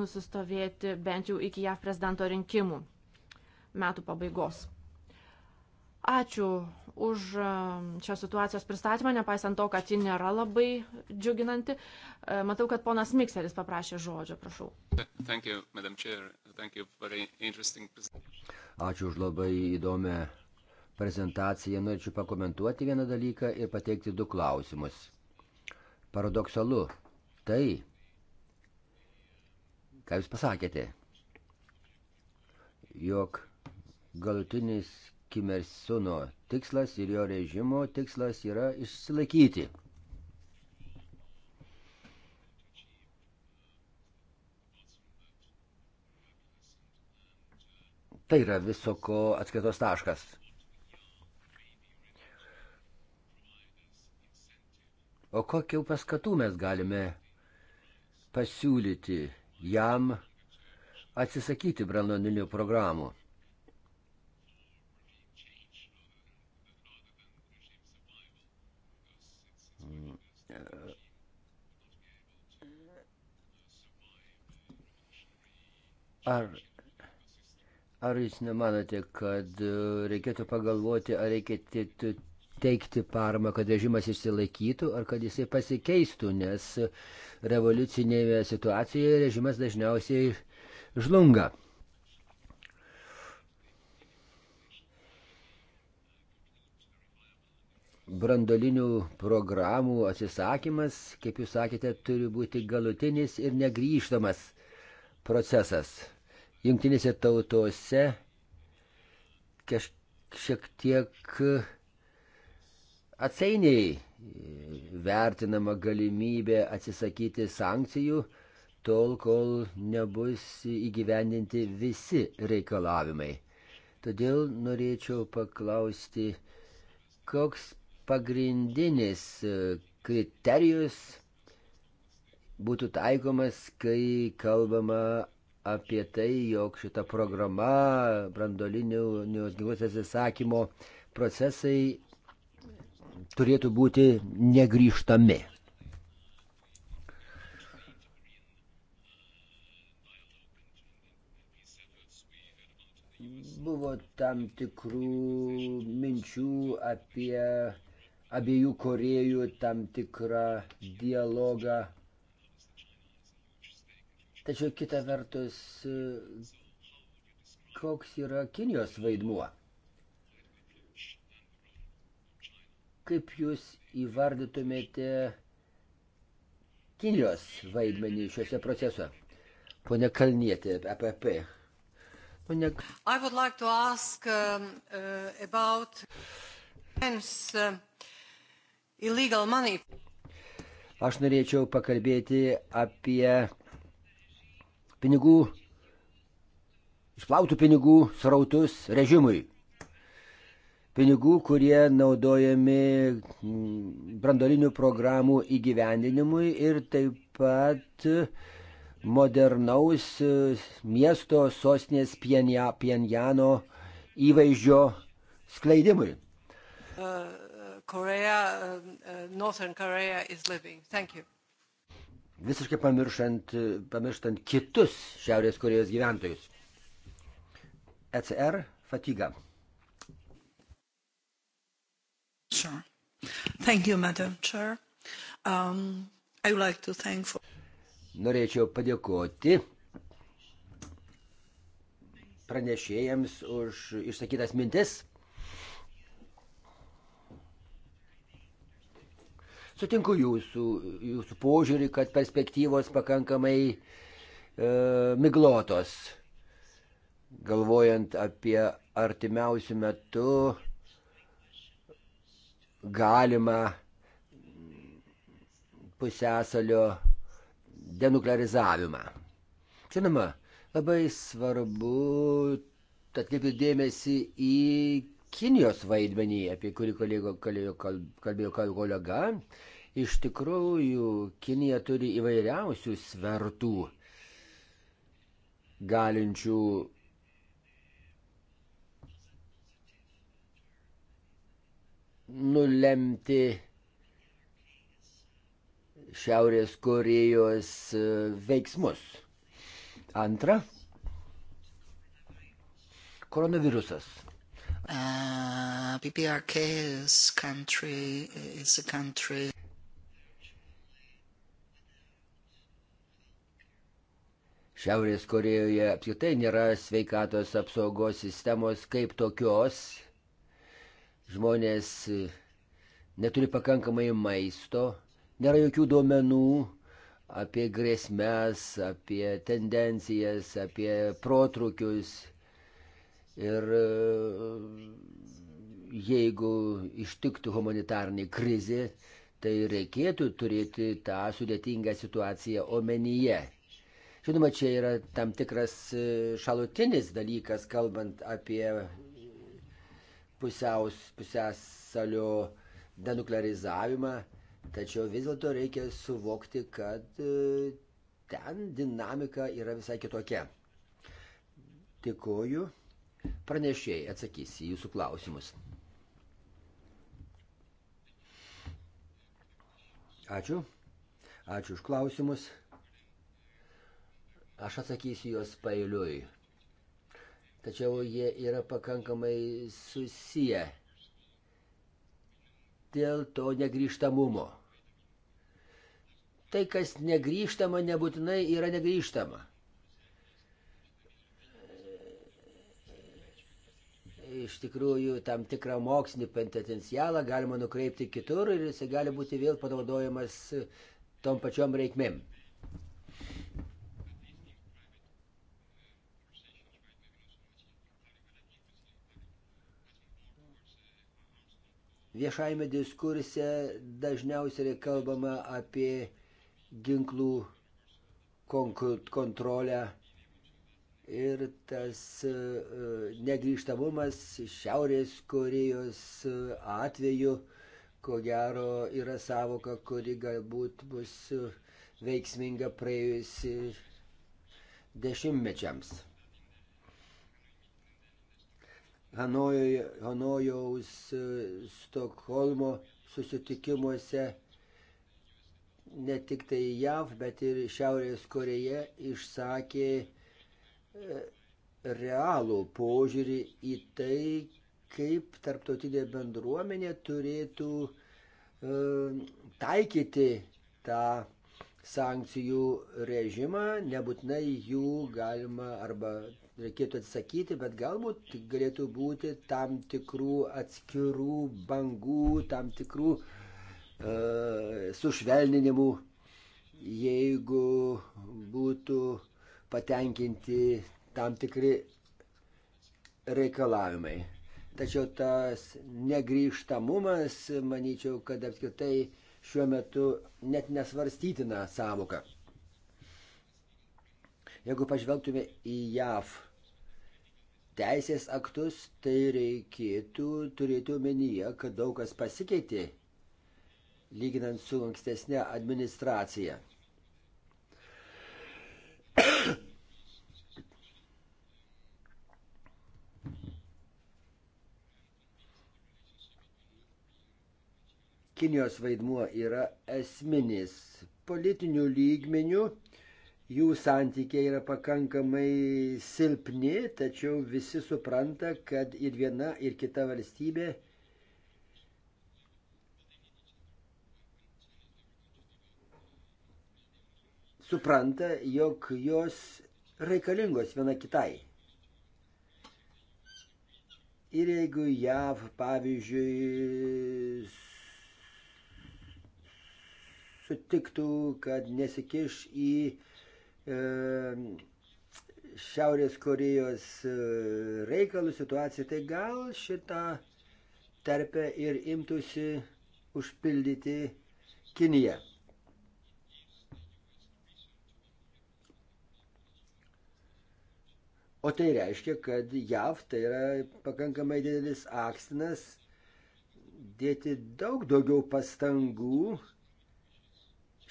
nusistovėti bent jau iki JAV prezidento rinkimų metų pabaigos. Ačiū už e, šios situacijos pristatymą, nepaisant to, kad ji nėra labai džiuginanti. Matau, kad ponas Mikseris paprašė žodžio, prašau. You, Ačiū už labai įdomią prezentaciją. Norėčiau pakomentuoti vieną dalyką ir pateikti du klausimus paradoksalu tai, ką jūs pasakėte, jog galutinis Kimersuno tikslas ir jo režimo tikslas yra išsilaikyti. Tai yra viso ko atskaitos taškas. O kokių paskatų mes galime pasiūlyti jam atsisakyti branduolinių programų? Ar, ar jūs nemanote, kad e, reikėtų pagalvoti, ar reikėtų teikti paramą, kad režimas išsilaikytų ar kad jisai pasikeistų, nes revoliucinėje situacijoje režimas dažniausiai žlunga. Brandolinių programų atsisakymas, kaip jūs sakėte, turi būti galutinis ir negryžtamas procesas. Jungtinėse tautose kažkiek šiek tiek atseiniai vertinama galimybė atsisakyti sankcijų tol, kol nebus įgyvendinti visi reikalavimai. Todėl norėčiau paklausti, koks pagrindinis kriterijus būtų taikomas, kai kalbama apie tai, jog šita programa brandolinių ginkluotės atsisakymo procesai turėtų būti negryžtami. Buvo tam tikrų minčių apie abiejų Korejų tam tikrą dialogą. Tačiau kita vertus, koks yra Kinijos vaidmuo? Kaip jūs įvardytumėte Kinijos vaidmenį šiuose procesuose? Pone Kalnietė, APP. E Pone... I would like to ask um, uh, about hence, uh, illegal money. Aš norėčiau pakalbėti apie pinigų, išplautų pinigų srautus režimui pinigų, kurie naudojami mm, brandolinių programų įgyvendinimui ir taip pat modernaus e, miesto sostinės Pienjano įvaizdžio skleidimui. Uh, Korea, uh, uh Korea Visiškai pamirštant, pamirštant kitus Šiaurės Korejos gyventojus. ECR fatiga. Sure. Thank you, Madam Chair. Um, I would like to thank for... Norėčiau padėkoti pranešėjams už išsakytas mintis. Sutinku jūsų, jūsų požiūrį, kad perspektyvos pakankamai e, miglotos, galvojant apie artimiausių metų galima pusęsalio denuklearizavimą. Žinoma, labai svarbu atkreipti dėmesį į Kinijos vaidmenį, apie kurį kolego, kalbėjo, kalbėjo kolega. Iš tikrųjų, Kinija turi įvairiausių svertų galinčių nulemti Šiaurės Korejos e, veiksmus. Antra, koronavirusas. Uh, PPRK is country, is a country. Šiaurės Korejoje apskritai nėra sveikatos apsaugos sistemos kaip tokios žmonės e, neturi pakankamai maisto, nėra jokių duomenų apie grėsmės, apie tendencijas, apie protrukius. Ir e, jeigu ištiktų humanitarnė krizė, tai reikėtų turėti tą sudėtingą situaciją omenyje. Žinoma, čia yra tam tikras e, šalutinis dalykas, kalbant apie pusiaus, pusiasalio denuklearizavimą, tačiau vis dėlto reikia suvokti, kad e, ten dinamika yra visai kitokia. Tikoju, pranešėjai atsakys į jūsų klausimus. Ačiū. Ačiū už klausimus. Aš atsakysiu juos pailiui tačiau jie yra pakankamai susiję dėl to negryžtamumo. Tai, kas negryžtama, nebūtinai yra negryžtama. Iš tikrųjų, tam tikrą mokslinį potencialą galima nukreipti kitur ir jis gali būti vėl panaudojamas tom pačiom reikmėm. viešajame diskurse dažniausiai kalbama apie ginklų kontrolę ir tas e, negryžtamumas Šiaurės Korejos atveju, ko gero, yra savoka, kuri galbūt bus veiksminga praėjusi dešimtmečiams. Hanojoj, Hanojaus, e, Stokholmo susitikimuose ne tik tai JAV, bet ir Šiaurės Koreja išsakė e, realų požiūrį į tai, kaip tarptautinė bendruomenė turėtų e, taikyti tą sankcijų režimą, nebūtinai jų galima arba reikėtų atsakyti, bet galbūt galėtų būti tam tikrų atskirų bangų, tam tikrų e, sušvelninimų, jeigu būtų patenkinti tam tikri reikalavimai. Tačiau tas negrįžtamumas, manyčiau, kad apskritai šiuo metu net nesvarstytina savoka. Jeigu pažvelgtume į JAV teisės aktus, tai reikėtų turėti omenyje, kad daug kas pasikeitė lyginant su ankstesnė administracija. Kinijos vaidmuo yra esminis. Politinių lygmenių jų santykiai yra pakankamai silpni, tačiau visi supranta, kad ir viena, ir kita valstybė supranta, jog jos reikalingos viena kitai. Ir jeigu JAV, pavyzdžiui, sutiktų, kad nesikiš į e, Šiaurės Korejos e, reikalų situaciją, tai gal šitą tarpę ir imtųsi užpildyti Kinija. O tai reiškia, kad JAV tai yra pakankamai didelis akstinas dėti daug daugiau pastangų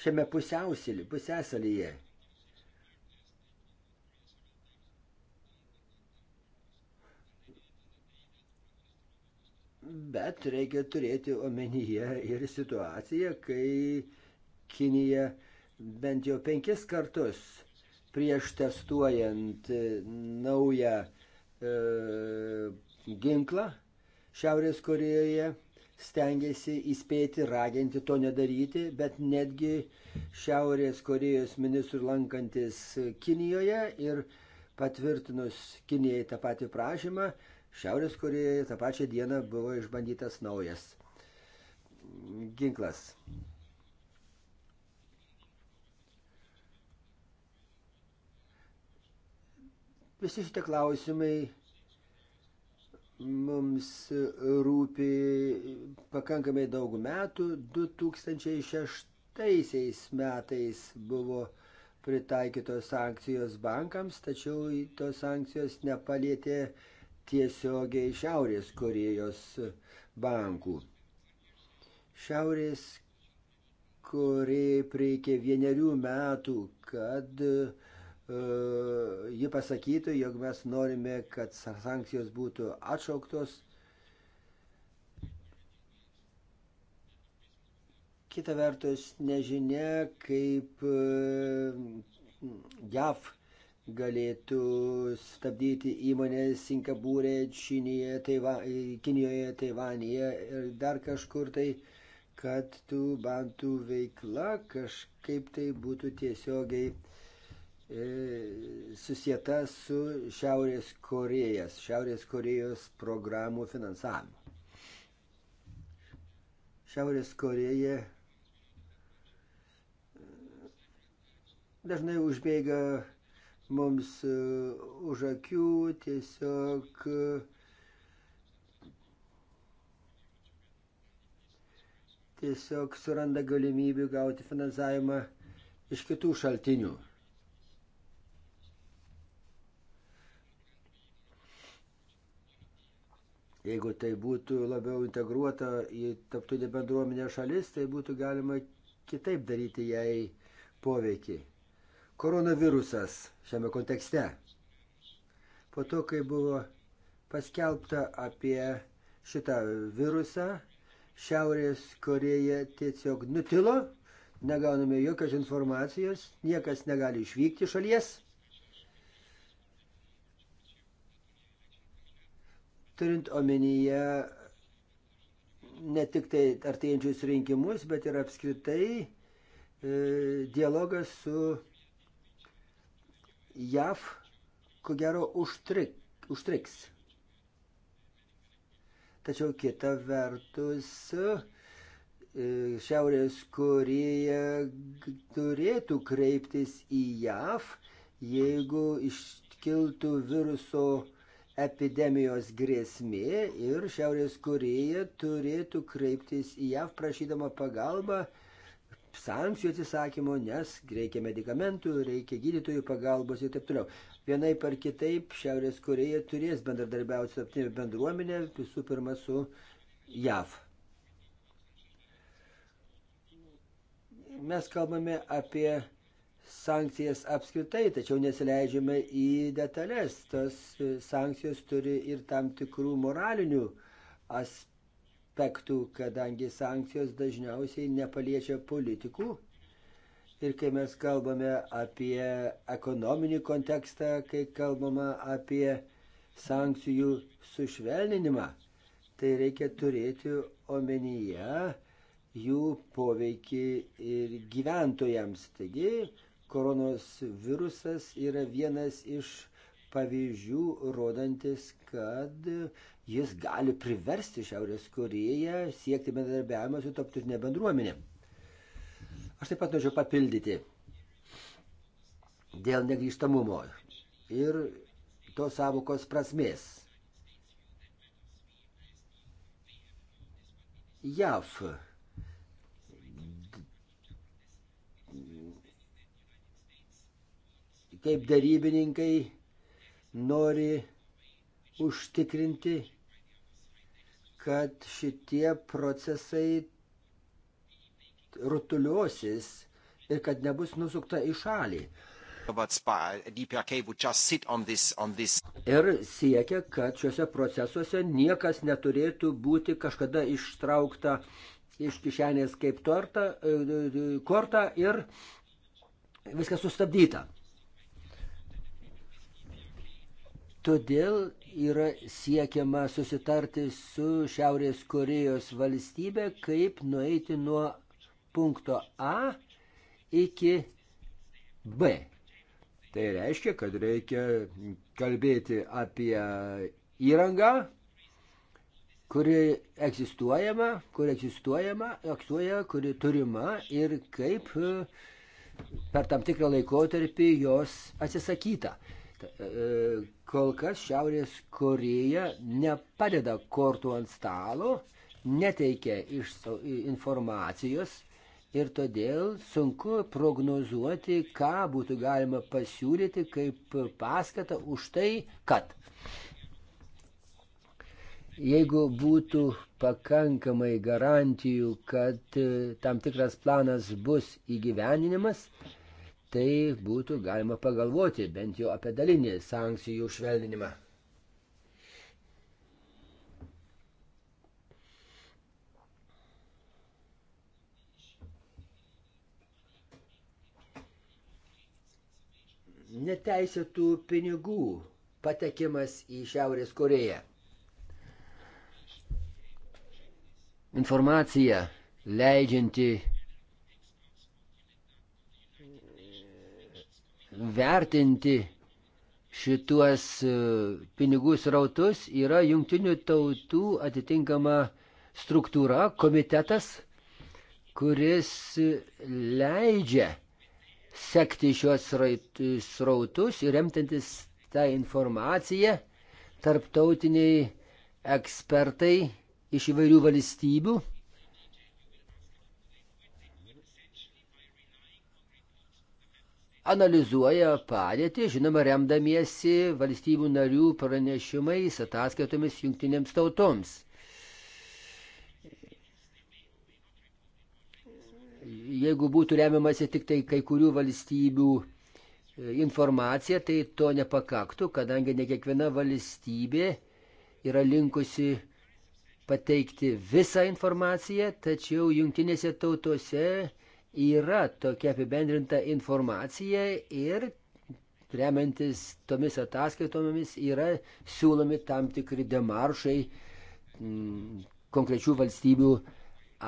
šiame pusiausilį, pusęsalyje. Bet reikia turėti omenyje ir situaciją, kai Kinija bent jau penkis kartus prieš testuojant naują e, ginklą Šiaurės Korejoje stengiasi įspėti, raginti to nedaryti, bet netgi Šiaurės Korejos ministrų lankantis Kinijoje ir patvirtinus Kinijai tą patį prašymą, Šiaurės Korejoje tą pačią dieną buvo išbandytas naujas ginklas. Visi šitie klausimai mums rūpi pakankamai daug metų. 2006 metais buvo pritaikytos sankcijos bankams, tačiau tos sankcijos nepalėtė tiesiogiai Šiaurės Korejos bankų. Šiaurės Korejai reikia vienerių metų, kad uh, ji pasakytų, jog mes norime, kad sankcijos būtų atšauktos. Kita vertus, nežinia, kaip e, JAV galėtų stabdyti įmonės Singapūrė, Činėje, Taiva, e, Kinijoje, Taivanyje ir dar kažkur tai, kad tų bantų veikla kažkaip tai būtų tiesiogiai E, susieta su Šiaurės Korejas, Šiaurės Korejos programų finansavimu. Šiaurės Koreja e, dažnai užbėga mums e, už akių tiesiog tiesiog suranda galimybių gauti finansavimą iš kitų šaltinių. Jeigu tai būtų labiau integruota į taptudį bendruomenę šalis, tai būtų galima kitaip daryti jai poveikį. Koronavirusas šiame kontekste. Po to, kai buvo paskelbta apie šitą virusą, Šiaurės Koreja tiesiog nutilo, negauname jokios informacijos, niekas negali išvykti šalies. turint omenyje ne tik tai artėjančius rinkimus, bet ir apskritai e, dialogas su JAV, ko gero, užtrik, užtriks. Tačiau kita vertus, e, Šiaurės Korėja turėtų kreiptis į JAV, jeigu iškiltų viruso epidemijos grėsmė ir Šiaurės Koreja turėtų kreiptis į JAV prašydama pagalbą, sankcijų atsisakymo, nes reikia medikamentų, reikia gydytojų pagalbos ir taip toliau. Vienai par kitaip Šiaurės Koreja turės bendradarbiauti su aptinė bendruomenė, visų pirma su JAV. Mes kalbame apie sankcijas apskritai, tačiau nesileidžiame į detalės. Tos e, sankcijos turi ir tam tikrų moralinių aspektų, kadangi sankcijos dažniausiai nepaliečia politikų. Ir kai mes kalbame apie ekonominį kontekstą, kai kalbama apie sankcijų sušvelninimą, tai reikia turėti omenyje jų poveikį ir gyventojams. Taigi Koronos virusas yra vienas iš pavyzdžių, rodantis, kad jis gali priversti Šiaurės Koreją siekti bendradarbiavimą su taptutinė bendruomenė. Aš taip pat norėčiau papildyti dėl negryžtamumo ir tos savokos prasmės. JAV kaip darybininkai nori užtikrinti, kad šitie procesai rutuliosis ir kad nebus nusukta į šalį. On this, on this. Ir siekia, kad šiuose procesuose niekas neturėtų būti kažkada ištraukta iš kišenės kaip torta, e, e, e, korta ir viskas sustabdyta. Todėl yra siekiama susitarti su Šiaurės Korejos valstybė, kaip nueiti nuo punkto A iki B. Tai reiškia, kad reikia kalbėti apie įrangą, kuri egzistuojama, kuri egzistuojama, egzistuoja, kuri turima ir kaip e, per tam tikrą laikotarpį jos atsisakyta. E, kol kas Šiaurės Koreja nepadeda kortų ant stalo, neteikia iš informacijos ir todėl sunku prognozuoti, ką būtų galima pasiūlyti kaip paskatą už tai, kad jeigu būtų pakankamai garantijų, kad e, tam tikras planas bus įgyveninimas, tai būtų galima pagalvoti bent jau apie dalinį sankcijų švelninimą. Neteisėtų pinigų patekimas į Šiaurės Koreją. Informacija leidžianti vertinti šituos e, pinigų srautus yra jungtinių tautų atitinkama struktūra, komitetas, kuris leidžia sekti šios srautus ir remtintis tą informaciją, tarptautiniai ekspertai iš įvairių valstybių analizuoja padėtį, žinoma, remdamiesi valstybių narių pranešimais, ataskaitomis jungtinėms tautoms. Jeigu būtų remiamasi tik tai kai kurių valstybių e, informacija, tai to nepakaktų, kadangi ne kiekviena valstybė yra linkusi pateikti visą informaciją, tačiau jungtinėse tautose yra tokia apibendrinta informacija ir remiantis tomis ataskaitomis yra siūlomi tam tikri demaršai m, mm, konkrečių valstybių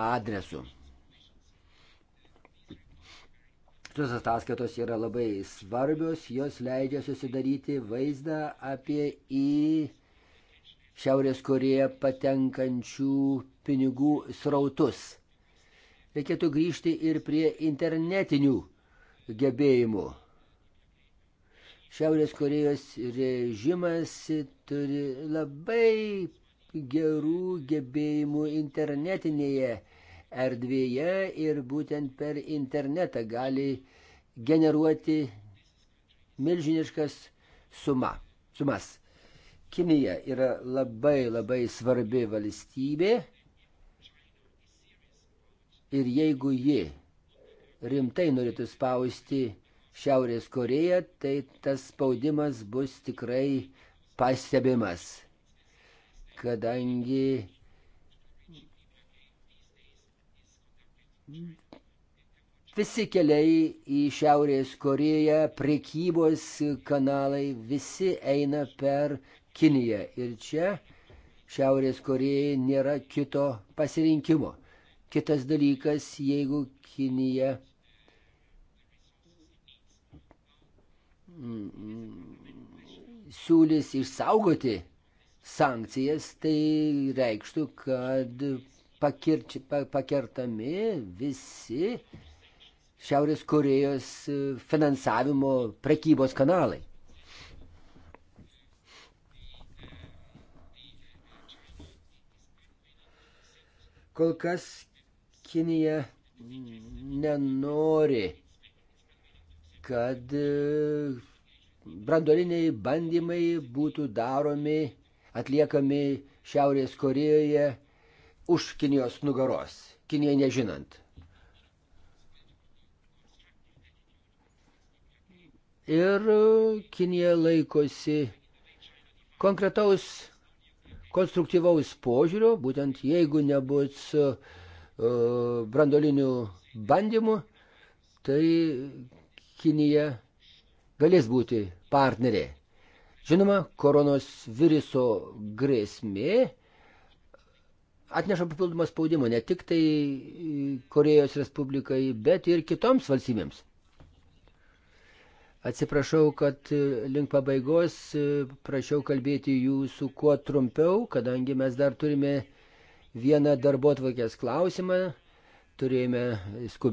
adresu. Tos ataskaitos yra labai svarbios, jos leidžia susidaryti vaizdą apie į Šiaurės Koreją patenkančių pinigų srautus reikėtų grįžti ir prie internetinių gebėjimų. Šiaurės Korejos režimas turi labai gerų gebėjimų internetinėje erdvėje ir būtent per internetą gali generuoti milžiniškas suma, sumas. Kinija yra labai labai svarbi valstybė Ir jeigu ji rimtai norėtų spausti Šiaurės Koreją, tai tas spaudimas bus tikrai pastebimas, kadangi visi keliai į Šiaurės Koreją, prekybos kanalai, visi eina per Kiniją. Ir čia Šiaurės Korejai nėra kito pasirinkimo. Kitas dalykas, jeigu Kinija mm, mm, siūlys išsaugoti sankcijas, tai reikštų, kad pakirči, pakertami visi Šiaurės Korejos finansavimo prekybos kanalai. Kol kas Kinija nenori, kad e, brandoliniai bandymai būtų daromi, atliekami Šiaurės Korejoje už Kinijos nugaros, Kinijai nežinant. Ir e, Kinija laikosi konkretaus konstruktyvaus požiūrio, būtent jeigu nebus uh, brandolinių bandymų, tai Kinija galės būti partnerė. Žinoma, koronos viruso grėsmė atneša papildomą spaudimą ne tik tai Korejos Respublikai, bet ir kitoms valstybėms. Atsiprašau, kad link pabaigos prašiau kalbėti jūsų kuo trumpiau, kadangi mes dar turime vieną darbo atvarkės klausimą, turėjome skubėti.